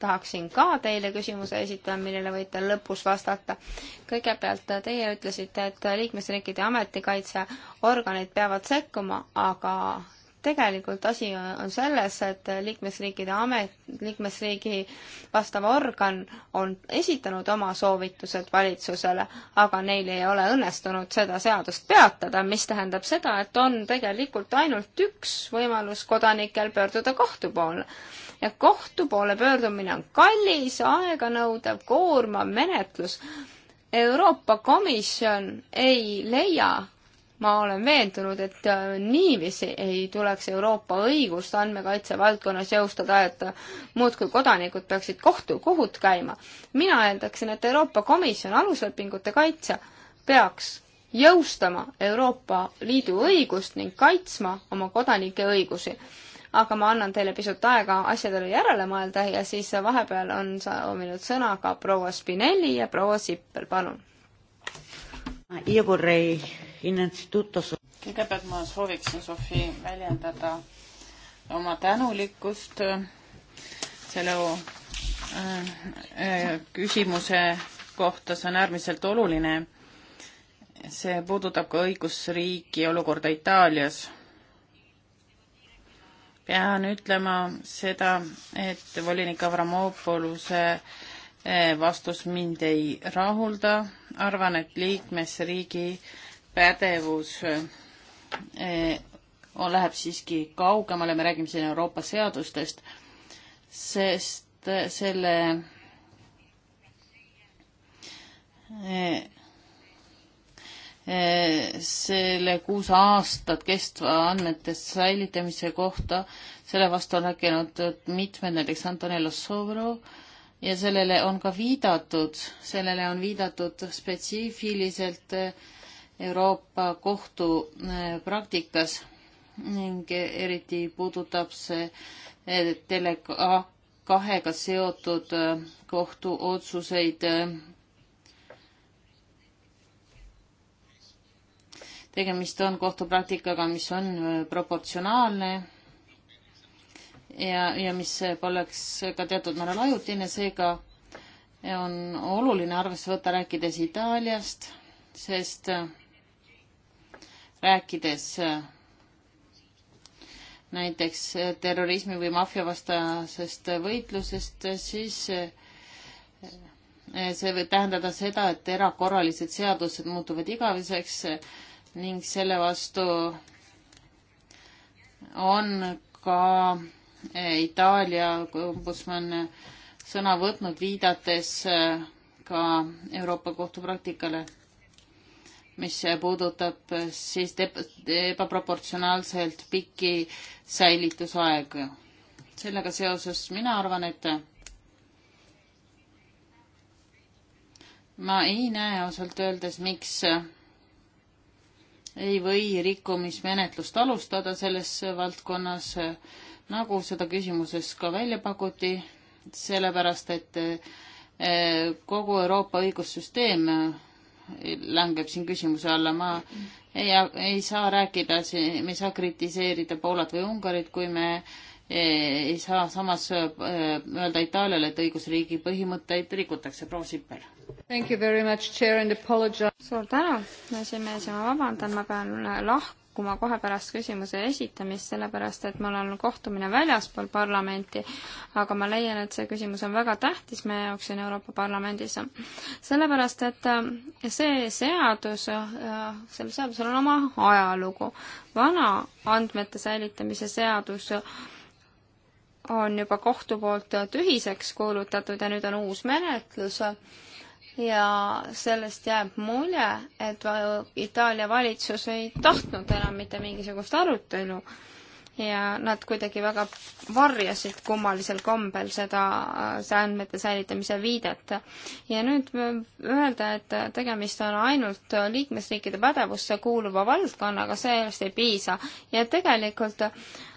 tahaksin ka teile küsimuse esitada, millele võite lõpus vastata. kõigepealt teie ütlesite, et liikmesriikide ametikaitseorganid peavad sekkuma, aga tegelikult asi on selles, et liikmesriikide amet, liikmesriigi vastav organ on esitanud oma soovitused valitsusele, aga neil ei ole õnnestunud seda seadust peatada, mis tähendab seda, et on tegelikult ainult üks võimalus kodanikel pöörduda kohtu poole. ja kohtu poole pöördumine on kallis, aeganõudev, koormav menetlus Euroopa Komisjon ei leia, ma olen veendunud, et äh, niiviisi ei tuleks Euroopa õigust andmekaitse valdkonnas jõustada, et äh, muudkui kodanikud peaksid kohtu, kohut käima. mina eeldaksin, et Euroopa Komisjon aluslepingute kaitse peaks jõustama Euroopa Liidu õigust ning kaitsma oma kodanike õigusi. aga ma annan teile pisut aega asjadele järele mõelda ja siis vahepeal on soovinud sõna ka proua Spinelli ja proua Sippel, palun Ah, kõigepealt ma sooviksin, Sofi, väljendada oma tänulikkust äh, selle äh, äh, küsimuse kohta, see on äärmiselt oluline. see puudutab ka õigusriigi olukorda Itaalias. pean ütlema seda, et volinik Avramopoluse äh, Eh, vastus mind ei rahulda. arvan, et liikmesriigi pädevus eh, on, läheb siiski kaugemale, me räägime siin Euroopa seadustest, sest eh, selle selle kuus aastat kestva andmete säilitamise kohta, selle vastu on rääkinud mitmed, näiteks Antonella Sovrov, ja sellele on ka viidatud, sellele on viidatud spetsiifiliselt eh, Euroopa kohtu eh, praktikas ning eriti puudutab see eh, tele kahega seotud kohtuotsuseid. tegemist on kohtupraktikaga, mis on proportsionaalne ja, ja mis poleks ka teatud määral ajutine, seega on oluline arvesse võtta, rääkides Itaaliast, sest äh, rääkides äh, näiteks terrorismi või maffiavastasest võitlusest, siis äh, see võib tähendada seda, et erakorralised seadused muutuvad igaveseks ning selle vastu on ka Itaalia ombudsman eh, sõna võtnud, viidates eh, ka Euroopa Kohtu praktikale, mis puudutab eh, siis ebaproportsionaalselt pikki säilitusaegu. sellega seoses mina arvan, et ma ei näe ausalt öeldes, miks ei või rikkumismenetlust alustada selles valdkonnas äh, nagu seda küsimuses ka välja pakuti, sellepärast et eh, kogu Euroopa õigussüsteem eh, langeb siin küsimuse alla, ma ei, ei saa rääkida, me ei saa kritiseerida Poolat või Ungarit, kui me eh, ei saa samas öelda Itaaliale, et õigusriigi põhimõtteid rikutakse. proua Sippel. suur tänu, esimees, ja ma vabandan, ma pean lahkuma lahkuma kohe pärast küsimuse esitamist, sellepärast et mul on kohtumine väljaspool parlamenti, aga ma leian, et see küsimus on väga tähtis meie jaoks siin Euroopa Parlamendis. sellepärast, et äh, see seadus, äh, sel seadusel on oma ajalugu. vana andmete säilitamise seadus on juba kohtu poolt tühiseks kuulutatud ja nüüd on uus menetlus ja sellest jääb mulje, et Itaalia valitsus ei tahtnud enam mitte mingisugust arutelu ja nad kuidagi väga varjasid kummalisel kombel seda, äh, see andmete säilitamise viidet. ja nüüd öelda, et tegemist on ainult liikmesriikide pädevusse kuuluva valdkonnaga, sellest ei piisa. ja tegelikult äh,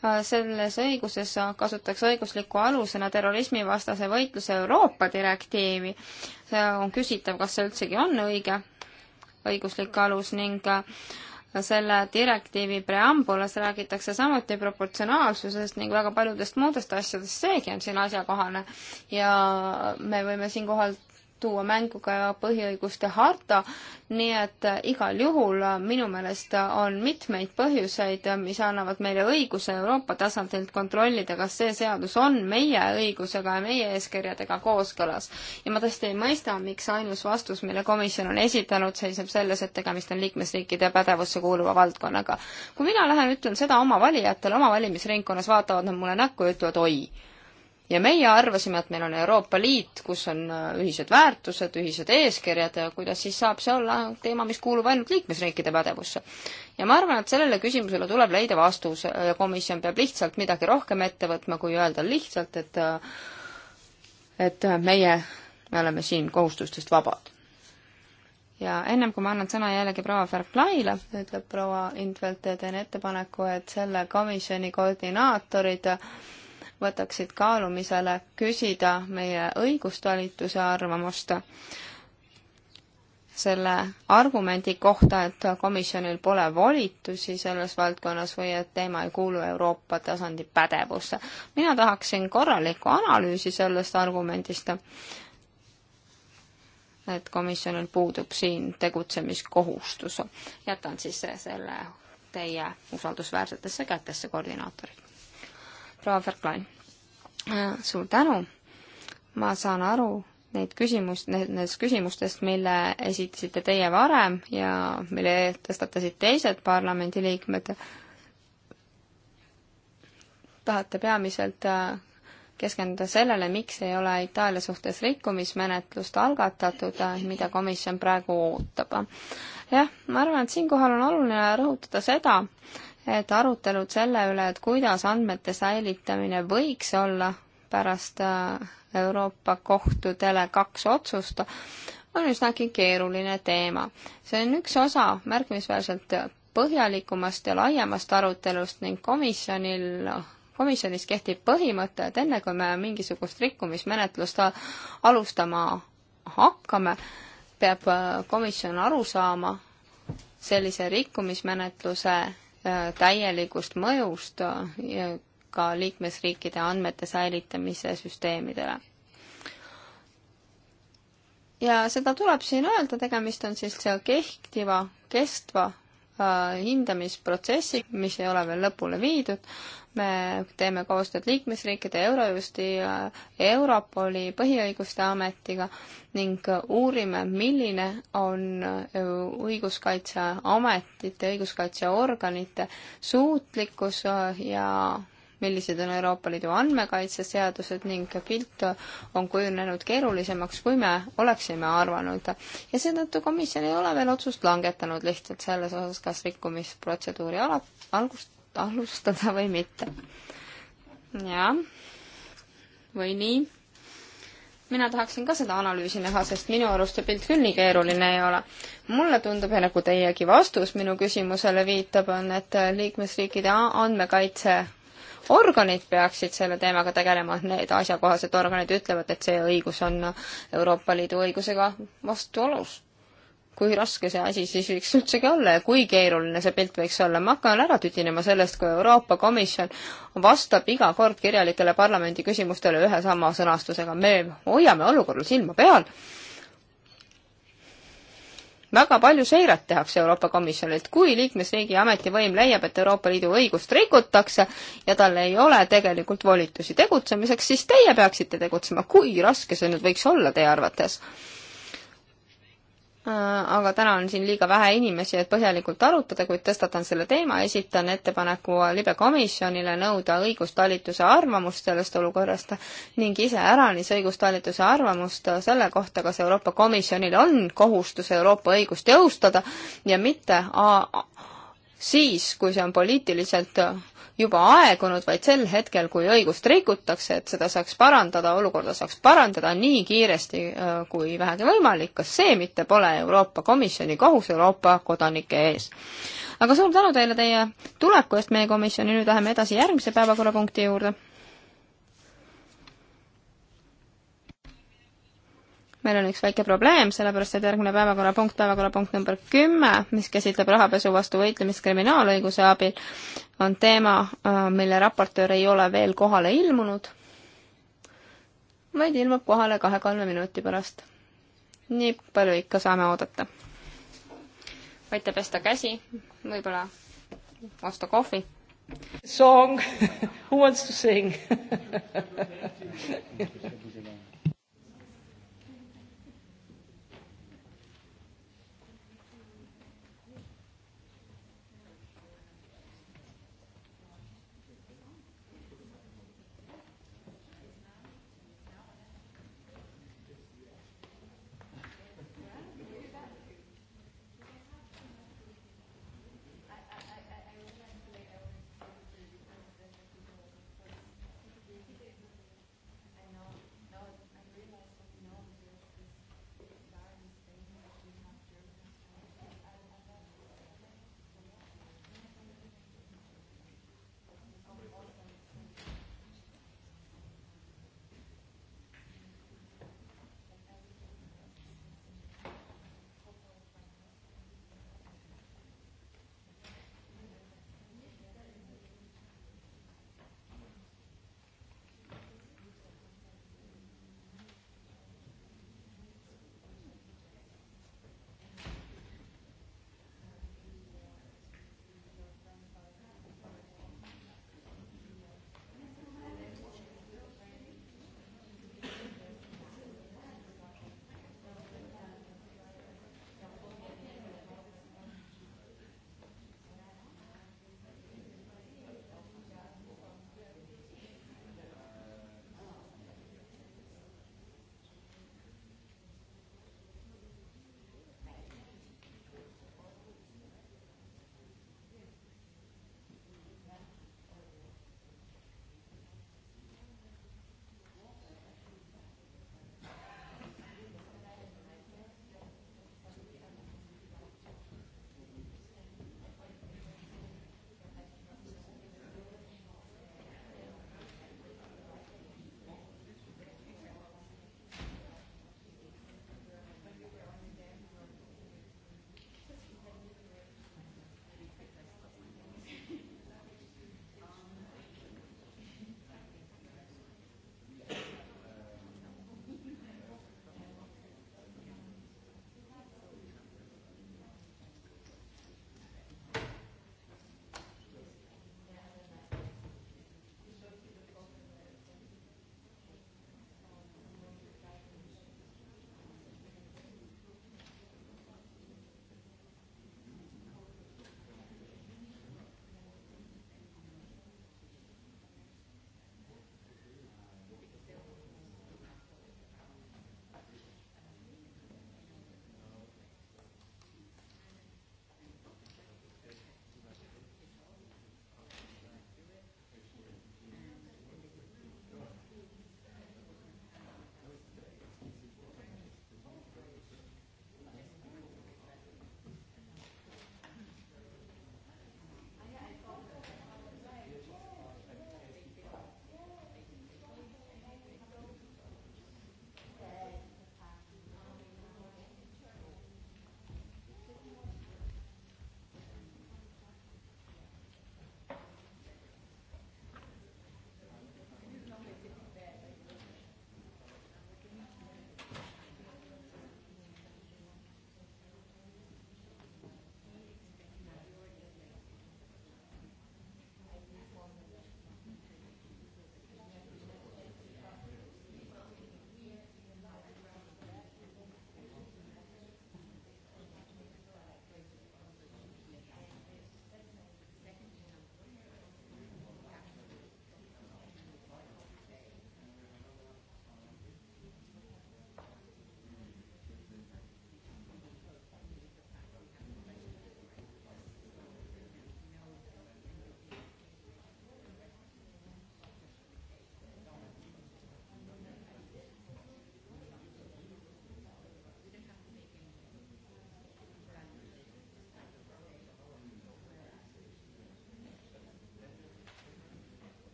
Äh, selles õiguses kasutatakse õigusliku alusena terrorismivastase võitluse Euroopa direktiivi. see on küsitav, kas see üldsegi on õige õiguslik alus ning äh, selle direktiivi preambulas räägitakse samuti proportsionaalsusest ning väga paljudest muudest asjadest, seegi on siin asjakohane. ja me võime siinkohal tuua mängu ka põhiõiguste harta, nii et äh, igal juhul äh, minu meelest äh, on mitmeid põhjuseid, mis annavad meile õiguse Euroopa tasandilt kontrollida, kas see seadus on meie õigusega ja meie eeskirjadega kooskõlas. ja ma tõesti ei mõista, miks ainus vastus, mille komisjon on esitanud, seisneb selles, et tegemist on liikmesriikide pädevusse kuuluva valdkonnaga. kui mina lähen, ütlen seda oma valijatele, oma valimisringkonnas vaatavad nad mulle näkku ja ütlevad oi ja meie arvasime, et meil on Euroopa Liit, kus on äh, ühised väärtused, ühised eeskirjad ja kuidas siis saab see olla teema, mis kuulub ainult liikmesriikide pädevusse. ja ma arvan, et sellele küsimusele tuleb leida vastus ja komisjon peab lihtsalt midagi rohkem ette võtma, kui öelda lihtsalt, et äh, et äh, meie, me oleme siin kohustustest vabad. ja ennem kui ma annan sõna jällegi proua Ferklaile, ütleb proua Intvelt, teen ettepaneku, et selle komisjoni koordinaatorid võtaksid kaalumisele küsida meie õigustalituse arvamust selle argumendi kohta, et komisjonil pole volitusi selles valdkonnas või et teema ei kuulu Euroopa tasandi pädevusse. mina tahaksin korralikku analüüsi sellest argumendist, et komisjonil puudub siin tegutsemiskohustus. jätan siis selle teie usaldusväärsetesse kätesse, koordinaatorid proua Verklain. Äh, suur tänu. ma saan aru neid küsimus, nendest küsimustest, mille esitasite teie varem ja mille tõstatasid teised parlamendiliikmed. tahate peamiselt äh, keskenduda sellele, miks ei ole Itaalia suhtes rikkumismenetlust algatatud, äh, mida komisjon praegu ootab. jah, ma arvan, et siinkohal on oluline rõhutada seda, et arutelud selle üle, et kuidas andmete säilitamine võiks olla pärast äh, Euroopa Kohtu Tele2 otsust, on üsnagi keeruline teema. see on üks osa märkimisväärselt põhjalikumast ja laiemast arutelust ning komisjonil komisjonis kehtib põhimõte, et enne kui me mingisugust rikkumismenetlust alustama hakkame, peab äh, komisjon aru saama sellise rikkumismenetluse Äh, täielikust mõjust äh, ka liikmesriikide andmete säilitamise süsteemidele. ja seda tuleb siin öelda, tegemist on siis kehtiva, kestva hindamisprotsessi, mis ei ole veel lõpule viidud. me teeme koostööd liikmesriikide Eurojusti ja Europoli põhiõiguste ametiga ning uurime, milline on õiguskaitseametite, õiguskaitseorganite suutlikkus ja millised on Euroopa Liidu andmekaitseseadused ning pilt on kujunenud keerulisemaks, kui me oleksime arvanud. ja seetõttu komisjon ei ole veel otsust langetanud lihtsalt selles osas, kas rikkumisprotseduuri ala, algust, alustada või mitte. jah, või nii mina tahaksin ka seda analüüsi näha, sest minu arust see pilt küll nii keeruline ei ole. mulle tundub ja nagu teiegi vastus minu küsimusele viitab, on, et liikmesriikide andmekaitse organid peaksid selle teemaga tegelema, need asjakohased organid ütlevad, et see õigus on Euroopa Liidu õigusega vastuolus. kui raske see asi siis võiks üldsegi olla ja kui keeruline see pilt võiks olla, ma hakkan ära tüdinema sellest, kui Euroopa Komisjon vastab iga kord kirjalikele parlamendi küsimustele ühe sama sõnastusega, me hoiame olukorral silma peal väga palju seiret tehakse Euroopa Komisjonilt, kui liikmesriigi ametivõim leiab, et Euroopa Liidu õigust rikutakse ja tal ei ole tegelikult volitusi tegutsemiseks, siis teie peaksite tegutsema, kui raske see nüüd võiks olla teie arvates? Äh, aga täna on siin liiga vähe inimesi, et põhjalikult arutada, kuid tõstatan selle teema, esitan ettepaneku libekomisjonile nõuda õigustalituse arvamust sellest olukorrast ning iseäranis õigustalituse arvamust selle kohta, kas Euroopa Komisjonil on kohustus Euroopa õigust jõustada ja mitte a, siis, kui see on poliitiliselt juba aegunud, vaid sel hetkel, kui õigust rikutakse, et seda saaks parandada, olukorda saaks parandada nii kiiresti äh, kui vähegi võimalik, kas see mitte pole Euroopa Komisjoni kohus Euroopa kodanike ees? aga suur tänu teile teie tuleku eest meie komisjoni, nüüd läheme edasi järgmise päevakorrapunkti juurde meil on üks väike probleem, sellepärast et järgmine päevakorrapunkt, päevakorrapunkt number kümme, mis käsitleb rahapesu vastu võitlemist kriminaalõiguse abil, on teema, äh, mille raportöör ei ole veel kohale ilmunud, vaid ilmub kohale kahe-kolme minuti pärast. nii palju ikka saame oodata. võite pesta käsi, võib-olla osta kohvi. Song, [laughs] who wants to sing [laughs]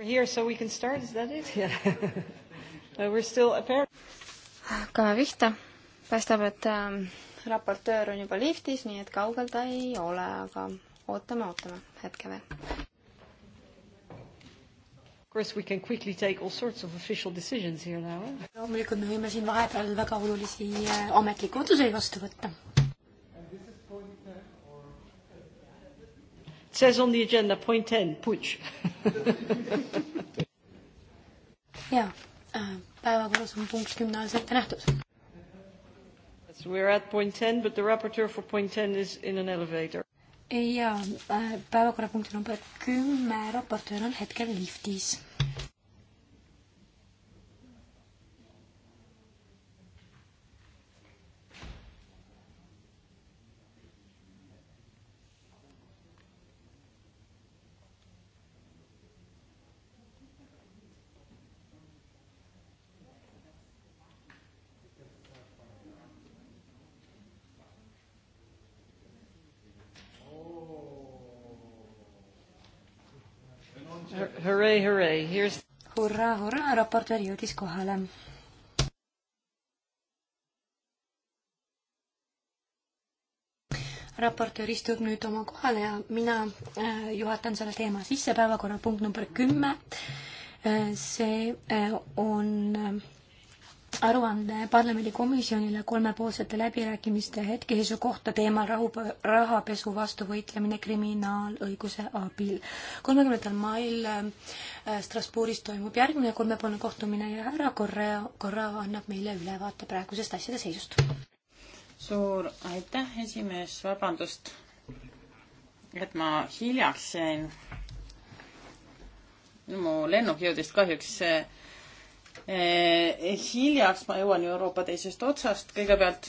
We're here so we can start, is that it? Yeah. no, [laughs] we're still apparent. hakkame pihta. paistab, et ähm, raportöör on juba liftis, nii et kaugel ta ei ole, aga ootame, ootame hetke veel. Of course, we can quickly take all sorts of official decisions here now. loomulikult me võime siin vahepeal väga olulisi äh, ametlikke otsuseid vastu võtta says on the agenda, point 10, putš [laughs] jaa, äh, päevakorras on punkt kümne ajal ette nähtud. So we are at point 10, but the rapporteur for point 10 is in an elevator. jaa, äh, päevakorrapunkti number kümme, raportöör on hetkel liftis raportöör jõudis kohale. raportöör istub nüüd oma kohale ja mina äh, juhatan selle teema sisse, päevakorrapunkt number kümme. Äh, see äh, on aruande parlamendikomisjonile kolmepoolsete läbirääkimiste hetkeseisu kohta teemal rahup-, rahapesu vastu võitlemine kriminaalõiguse abil. kolmekümnendal mail äh, Strasbourgis toimub järgmine kolmepoolne kohtumine ja härra Korra, Korra annab meile ülevaate praegusest asjade seisust. suur aitäh, esimees, vabandust, et ma hiljaks jäin. mu lennuk jõudis kahjuks äh, Eh, hiljaks, ma jõuan ju Euroopa teisest otsast, kõigepealt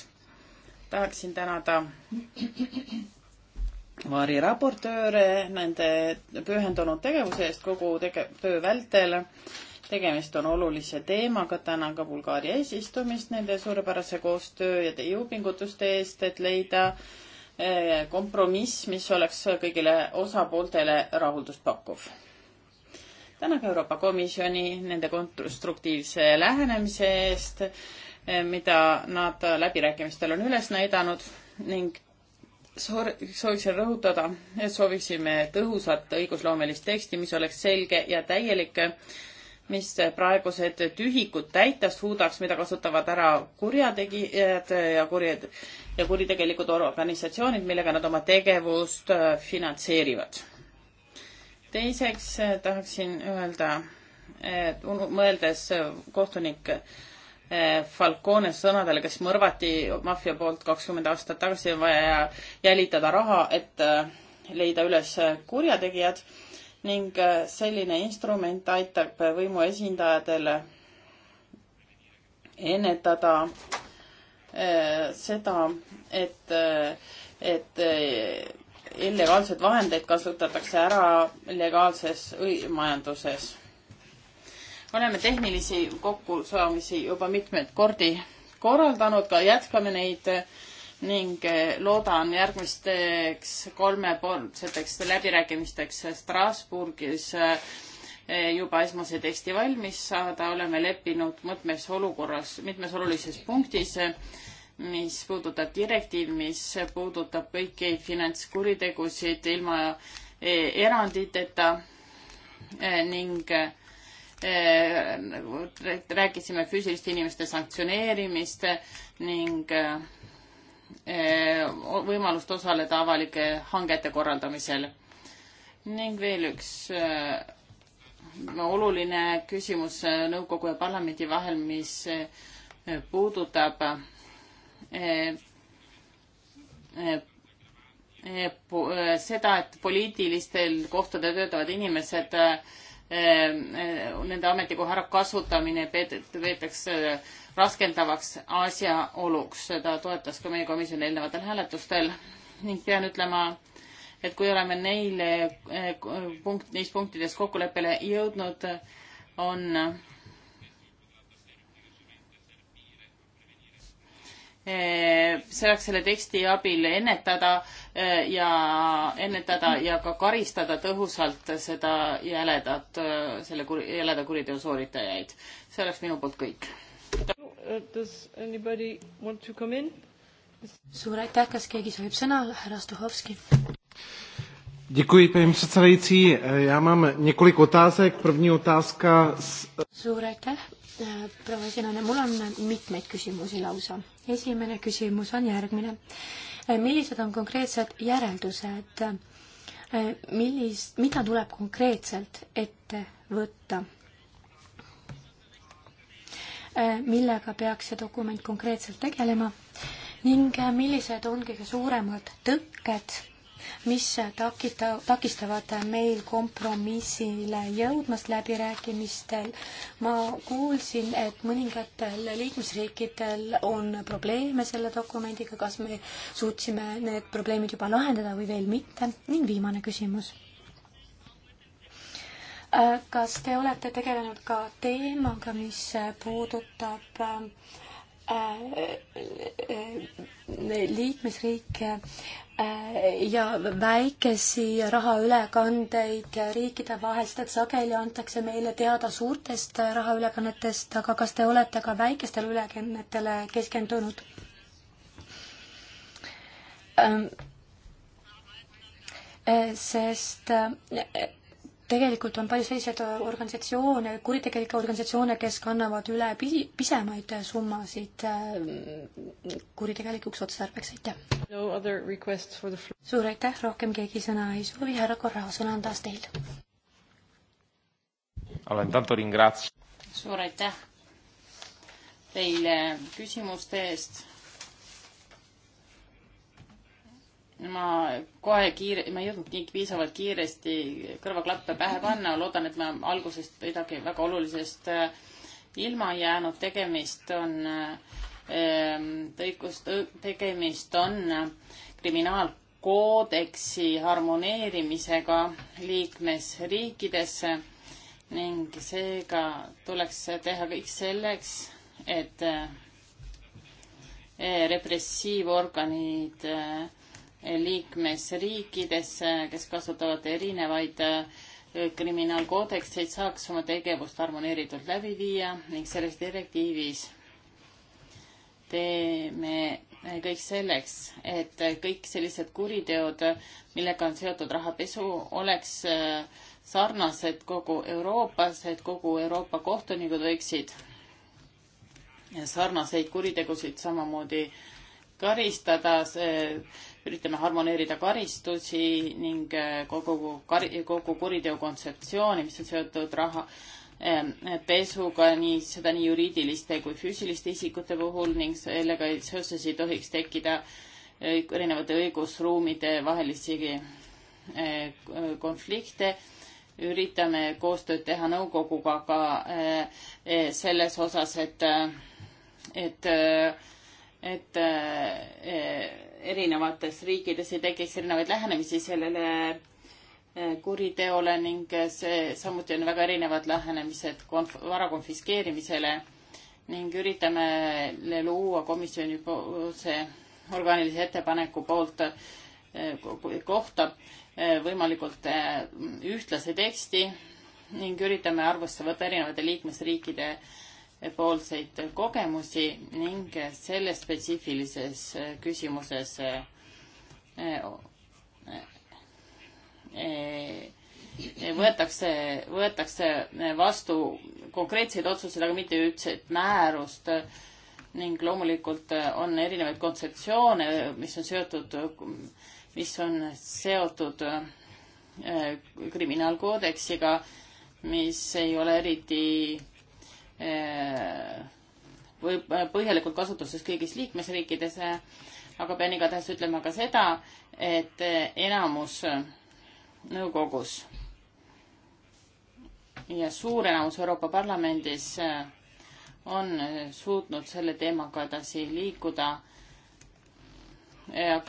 tahaksin tänada Vaari raportööre nende pühendunud tegevuse eest kogu tege-, töö vältel. tegemist on olulise teemaga, tänan ka Bulgaaria eesistumist nende suurepärase koostöö ja teie jõupingutuste eest, et leida eh, kompromiss, mis oleks kõigile osapooltele rahuldust pakkuv tänage Euroopa Komisjoni nende konstruktiivse lähenemise eest, eh, mida nad läbirääkimistel on üles näidanud ning sooviksin rõhutada, et sooviksime tõhusat õigusloomelist teksti, mis oleks selge ja täielik, mis praegused tühikud täita suudaks, mida kasutavad ära kurjategijad ja kurjad ja kuritegelikud organisatsioonid, millega nad oma tegevust äh, finantseerivad teiseks eh, tahaksin öelda, et mõeldes eh, kohtunik eh, Falcone sõnadele, kes mõrvati maffia poolt kakskümmend aastat tagasi, on vaja jälitada raha, et leida üles kurjategijad ning selline instrument aitab võimu esindajatel ennetada seda, et, et illegaalseid vahendeid kasutatakse ära legaalses majanduses. oleme tehnilisi kokkusaamisi juba mitmeid kordi korraldanud, ka jätkame neid ning eh, loodan järgmisteks kolmepoolseteks läbirääkimisteks Strasbourgis eh, juba esmase teksti valmis saada, oleme leppinud mitmes olukorras, mitmes olulises punktis eh, mis puudutab direktiiv, mis puudutab kõiki finantskuritegusid ilma e, eranditeta e, ning e, rääkisime füüsiliste inimeste sanktsioneerimist ning võimalust osaleda avalike hangete korraldamisel. ning veel üks oluline küsimus nõukogu ja parlamendi vahel, mis puudutab seda, et poliitilistel kohtadel töötavad inimesed, nende ametikoha ärakasutamine peetakse raskendavaks asjaoluks. seda toetas ka meie komisjon eelnevatel hääletustel ning pean ütlema, et kui oleme neile eh, punkt, neis punktides kokkuleppele jõudnud, on Eh, saaks selle teksti abil ennetada eh, ja ennetada ja ka karistada tõhusalt seda jäledat, eh, selle kur, jäleda kuriteo sooritajaid. see oleks minu poolt kõik. Uh, suur aitäh, kas keegi soovib sõna, härra Stuhovski? Děkuji, paní předsedající. Já mám několik otázek. První otázka. Suur aitäh, proua Sinane, mul on mitmeid küsimusi lausa. esimene küsimus on järgmine. Äh, millised on konkreetsed järeldused, äh, millist, mida tuleb konkreetselt ette võtta? Äh, millega peaks see dokument konkreetselt tegelema ning millised on kõige suuremad tõkked mis takita, takistavad meil kompromissile jõudmast läbirääkimistel. ma kuulsin, et mõningatel liikmesriikidel on probleeme selle dokumendiga, kas me suutsime need probleemid juba lahendada või veel mitte ning viimane küsimus äh, kas te olete tegelenud ka teemaga, mis puudutab äh, Äh, äh, liikmesriike äh, ja väikesi rahaülekandeid riikide vahel, seda sageli antakse meile teada suurtest rahaülekannetest, aga kas te olete ka väikestele ülekannetele keskendunud? Ähm, sest tegelikult on palju selliseid äh, organisatsioone, kuritegelikke organisatsioone, kes kannavad üle pisi, pisemaid summasid äh, kuritegelikuks otstarbeks, aitäh no! suur aitäh, rohkem keegi sõna ei soovi, härra Korra, sõna on taas teil. olen Tanto Ringrats. suur aitäh teile küsimuste eest ma kohe kiire, ma ei jõudnud nii piisavalt kiiresti kõrvaklappe pähe panna, loodan, et ma algusest midagi väga olulisest äh, ilma jäänud, tegemist on ähm, õigus, tegemist on kriminaalkoodeksi harmoneerimisega liikmesriikides ning seega tuleks teha kõik selleks, et äh, repressiivorganid äh, liikmesriikides, kes kasutavad erinevaid äh, kriminaalkoodekseid, saaks oma tegevust harmoneeritult läbi viia ning selles direktiivis teeme kõik selleks, et kõik sellised kuriteod, millega on seotud rahapesu, oleks äh, sarnased kogu Euroopas, et kogu Euroopa kohtunikud võiksid sarnaseid kuritegusid samamoodi karistada. see üritame harmoneerida karistusi ning äh, kogu, kogu kuriteo kontseptsiooni, mis on seotud raha ähm, pesuga, nii seda nii juriidiliste kui füüsiliste isikute puhul ning sellega seoses ei tohiks tekkida äh, erinevate õigusruumide vahelisi äh, konflikte. üritame koostööd teha nõukoguga ka selles osas, et, et et eh, eh, erinevates riikides ei tekiks erinevaid lähenemisi sellele eh, kuriteole ning see samuti on väga erinevad lähenemised konf-, vara konfiskeerimisele ning üritame luua komisjoni see orgaanilise ettepaneku poolt kohta võimalikult ühtlase teksti ning üritame arvesse võtta erinevate liikmesriikide äh, poolseid kogemusi ning selles spetsiifilises küsimuses eh, eh, eh, võetakse, võetakse vastu konkreetseid otsuseid, aga mitte üldset määrust ning loomulikult on erinevaid kontseptsioone, mis on seotud, mis on seotud kriminaalkoodeksiga, mis ei ole eriti Äh, või äh, põhjalikult kasutuses kõigis liikmesriikides, äh, aga pean igatahes ütlema ka seda, et enamus nõukogus ja suur enamus Euroopa Parlamendis on suutnud selle teemaga edasi liikuda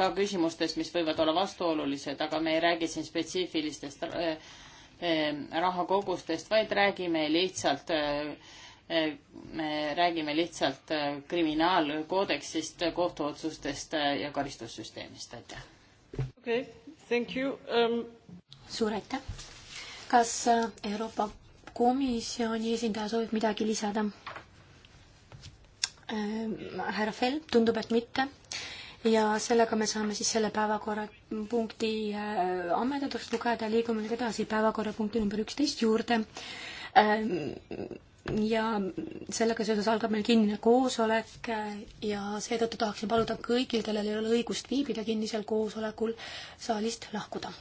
ka küsimustes, mis võivad olla vastuolulised, aga me ei räägi siin spetsiifilistest rahakogustest, vaid räägime lihtsalt äh, me räägime lihtsalt äh, kriminaalkoodeksist, kohtuotsustest äh, ja karistussüsteemist, aitäh. okei okay,, thank you um.... suur aitäh. kas äh, Euroopa Komisjoni esindaja soovib midagi lisada ähm,? härra Fell, tundub, et mitte ja sellega me saame siis selle päevakorrapunkti äh, ammendatuks lugeda, liigume nüüd edasi päevakorrapunkti number üksteist juurde ähm, ja sellega seoses algab meil kinnine koosolek äh, ja seetõttu tahaksin paluda kõigil, kellel ei ole õigust viibida kinnisel koosolekul, saalist lahkuda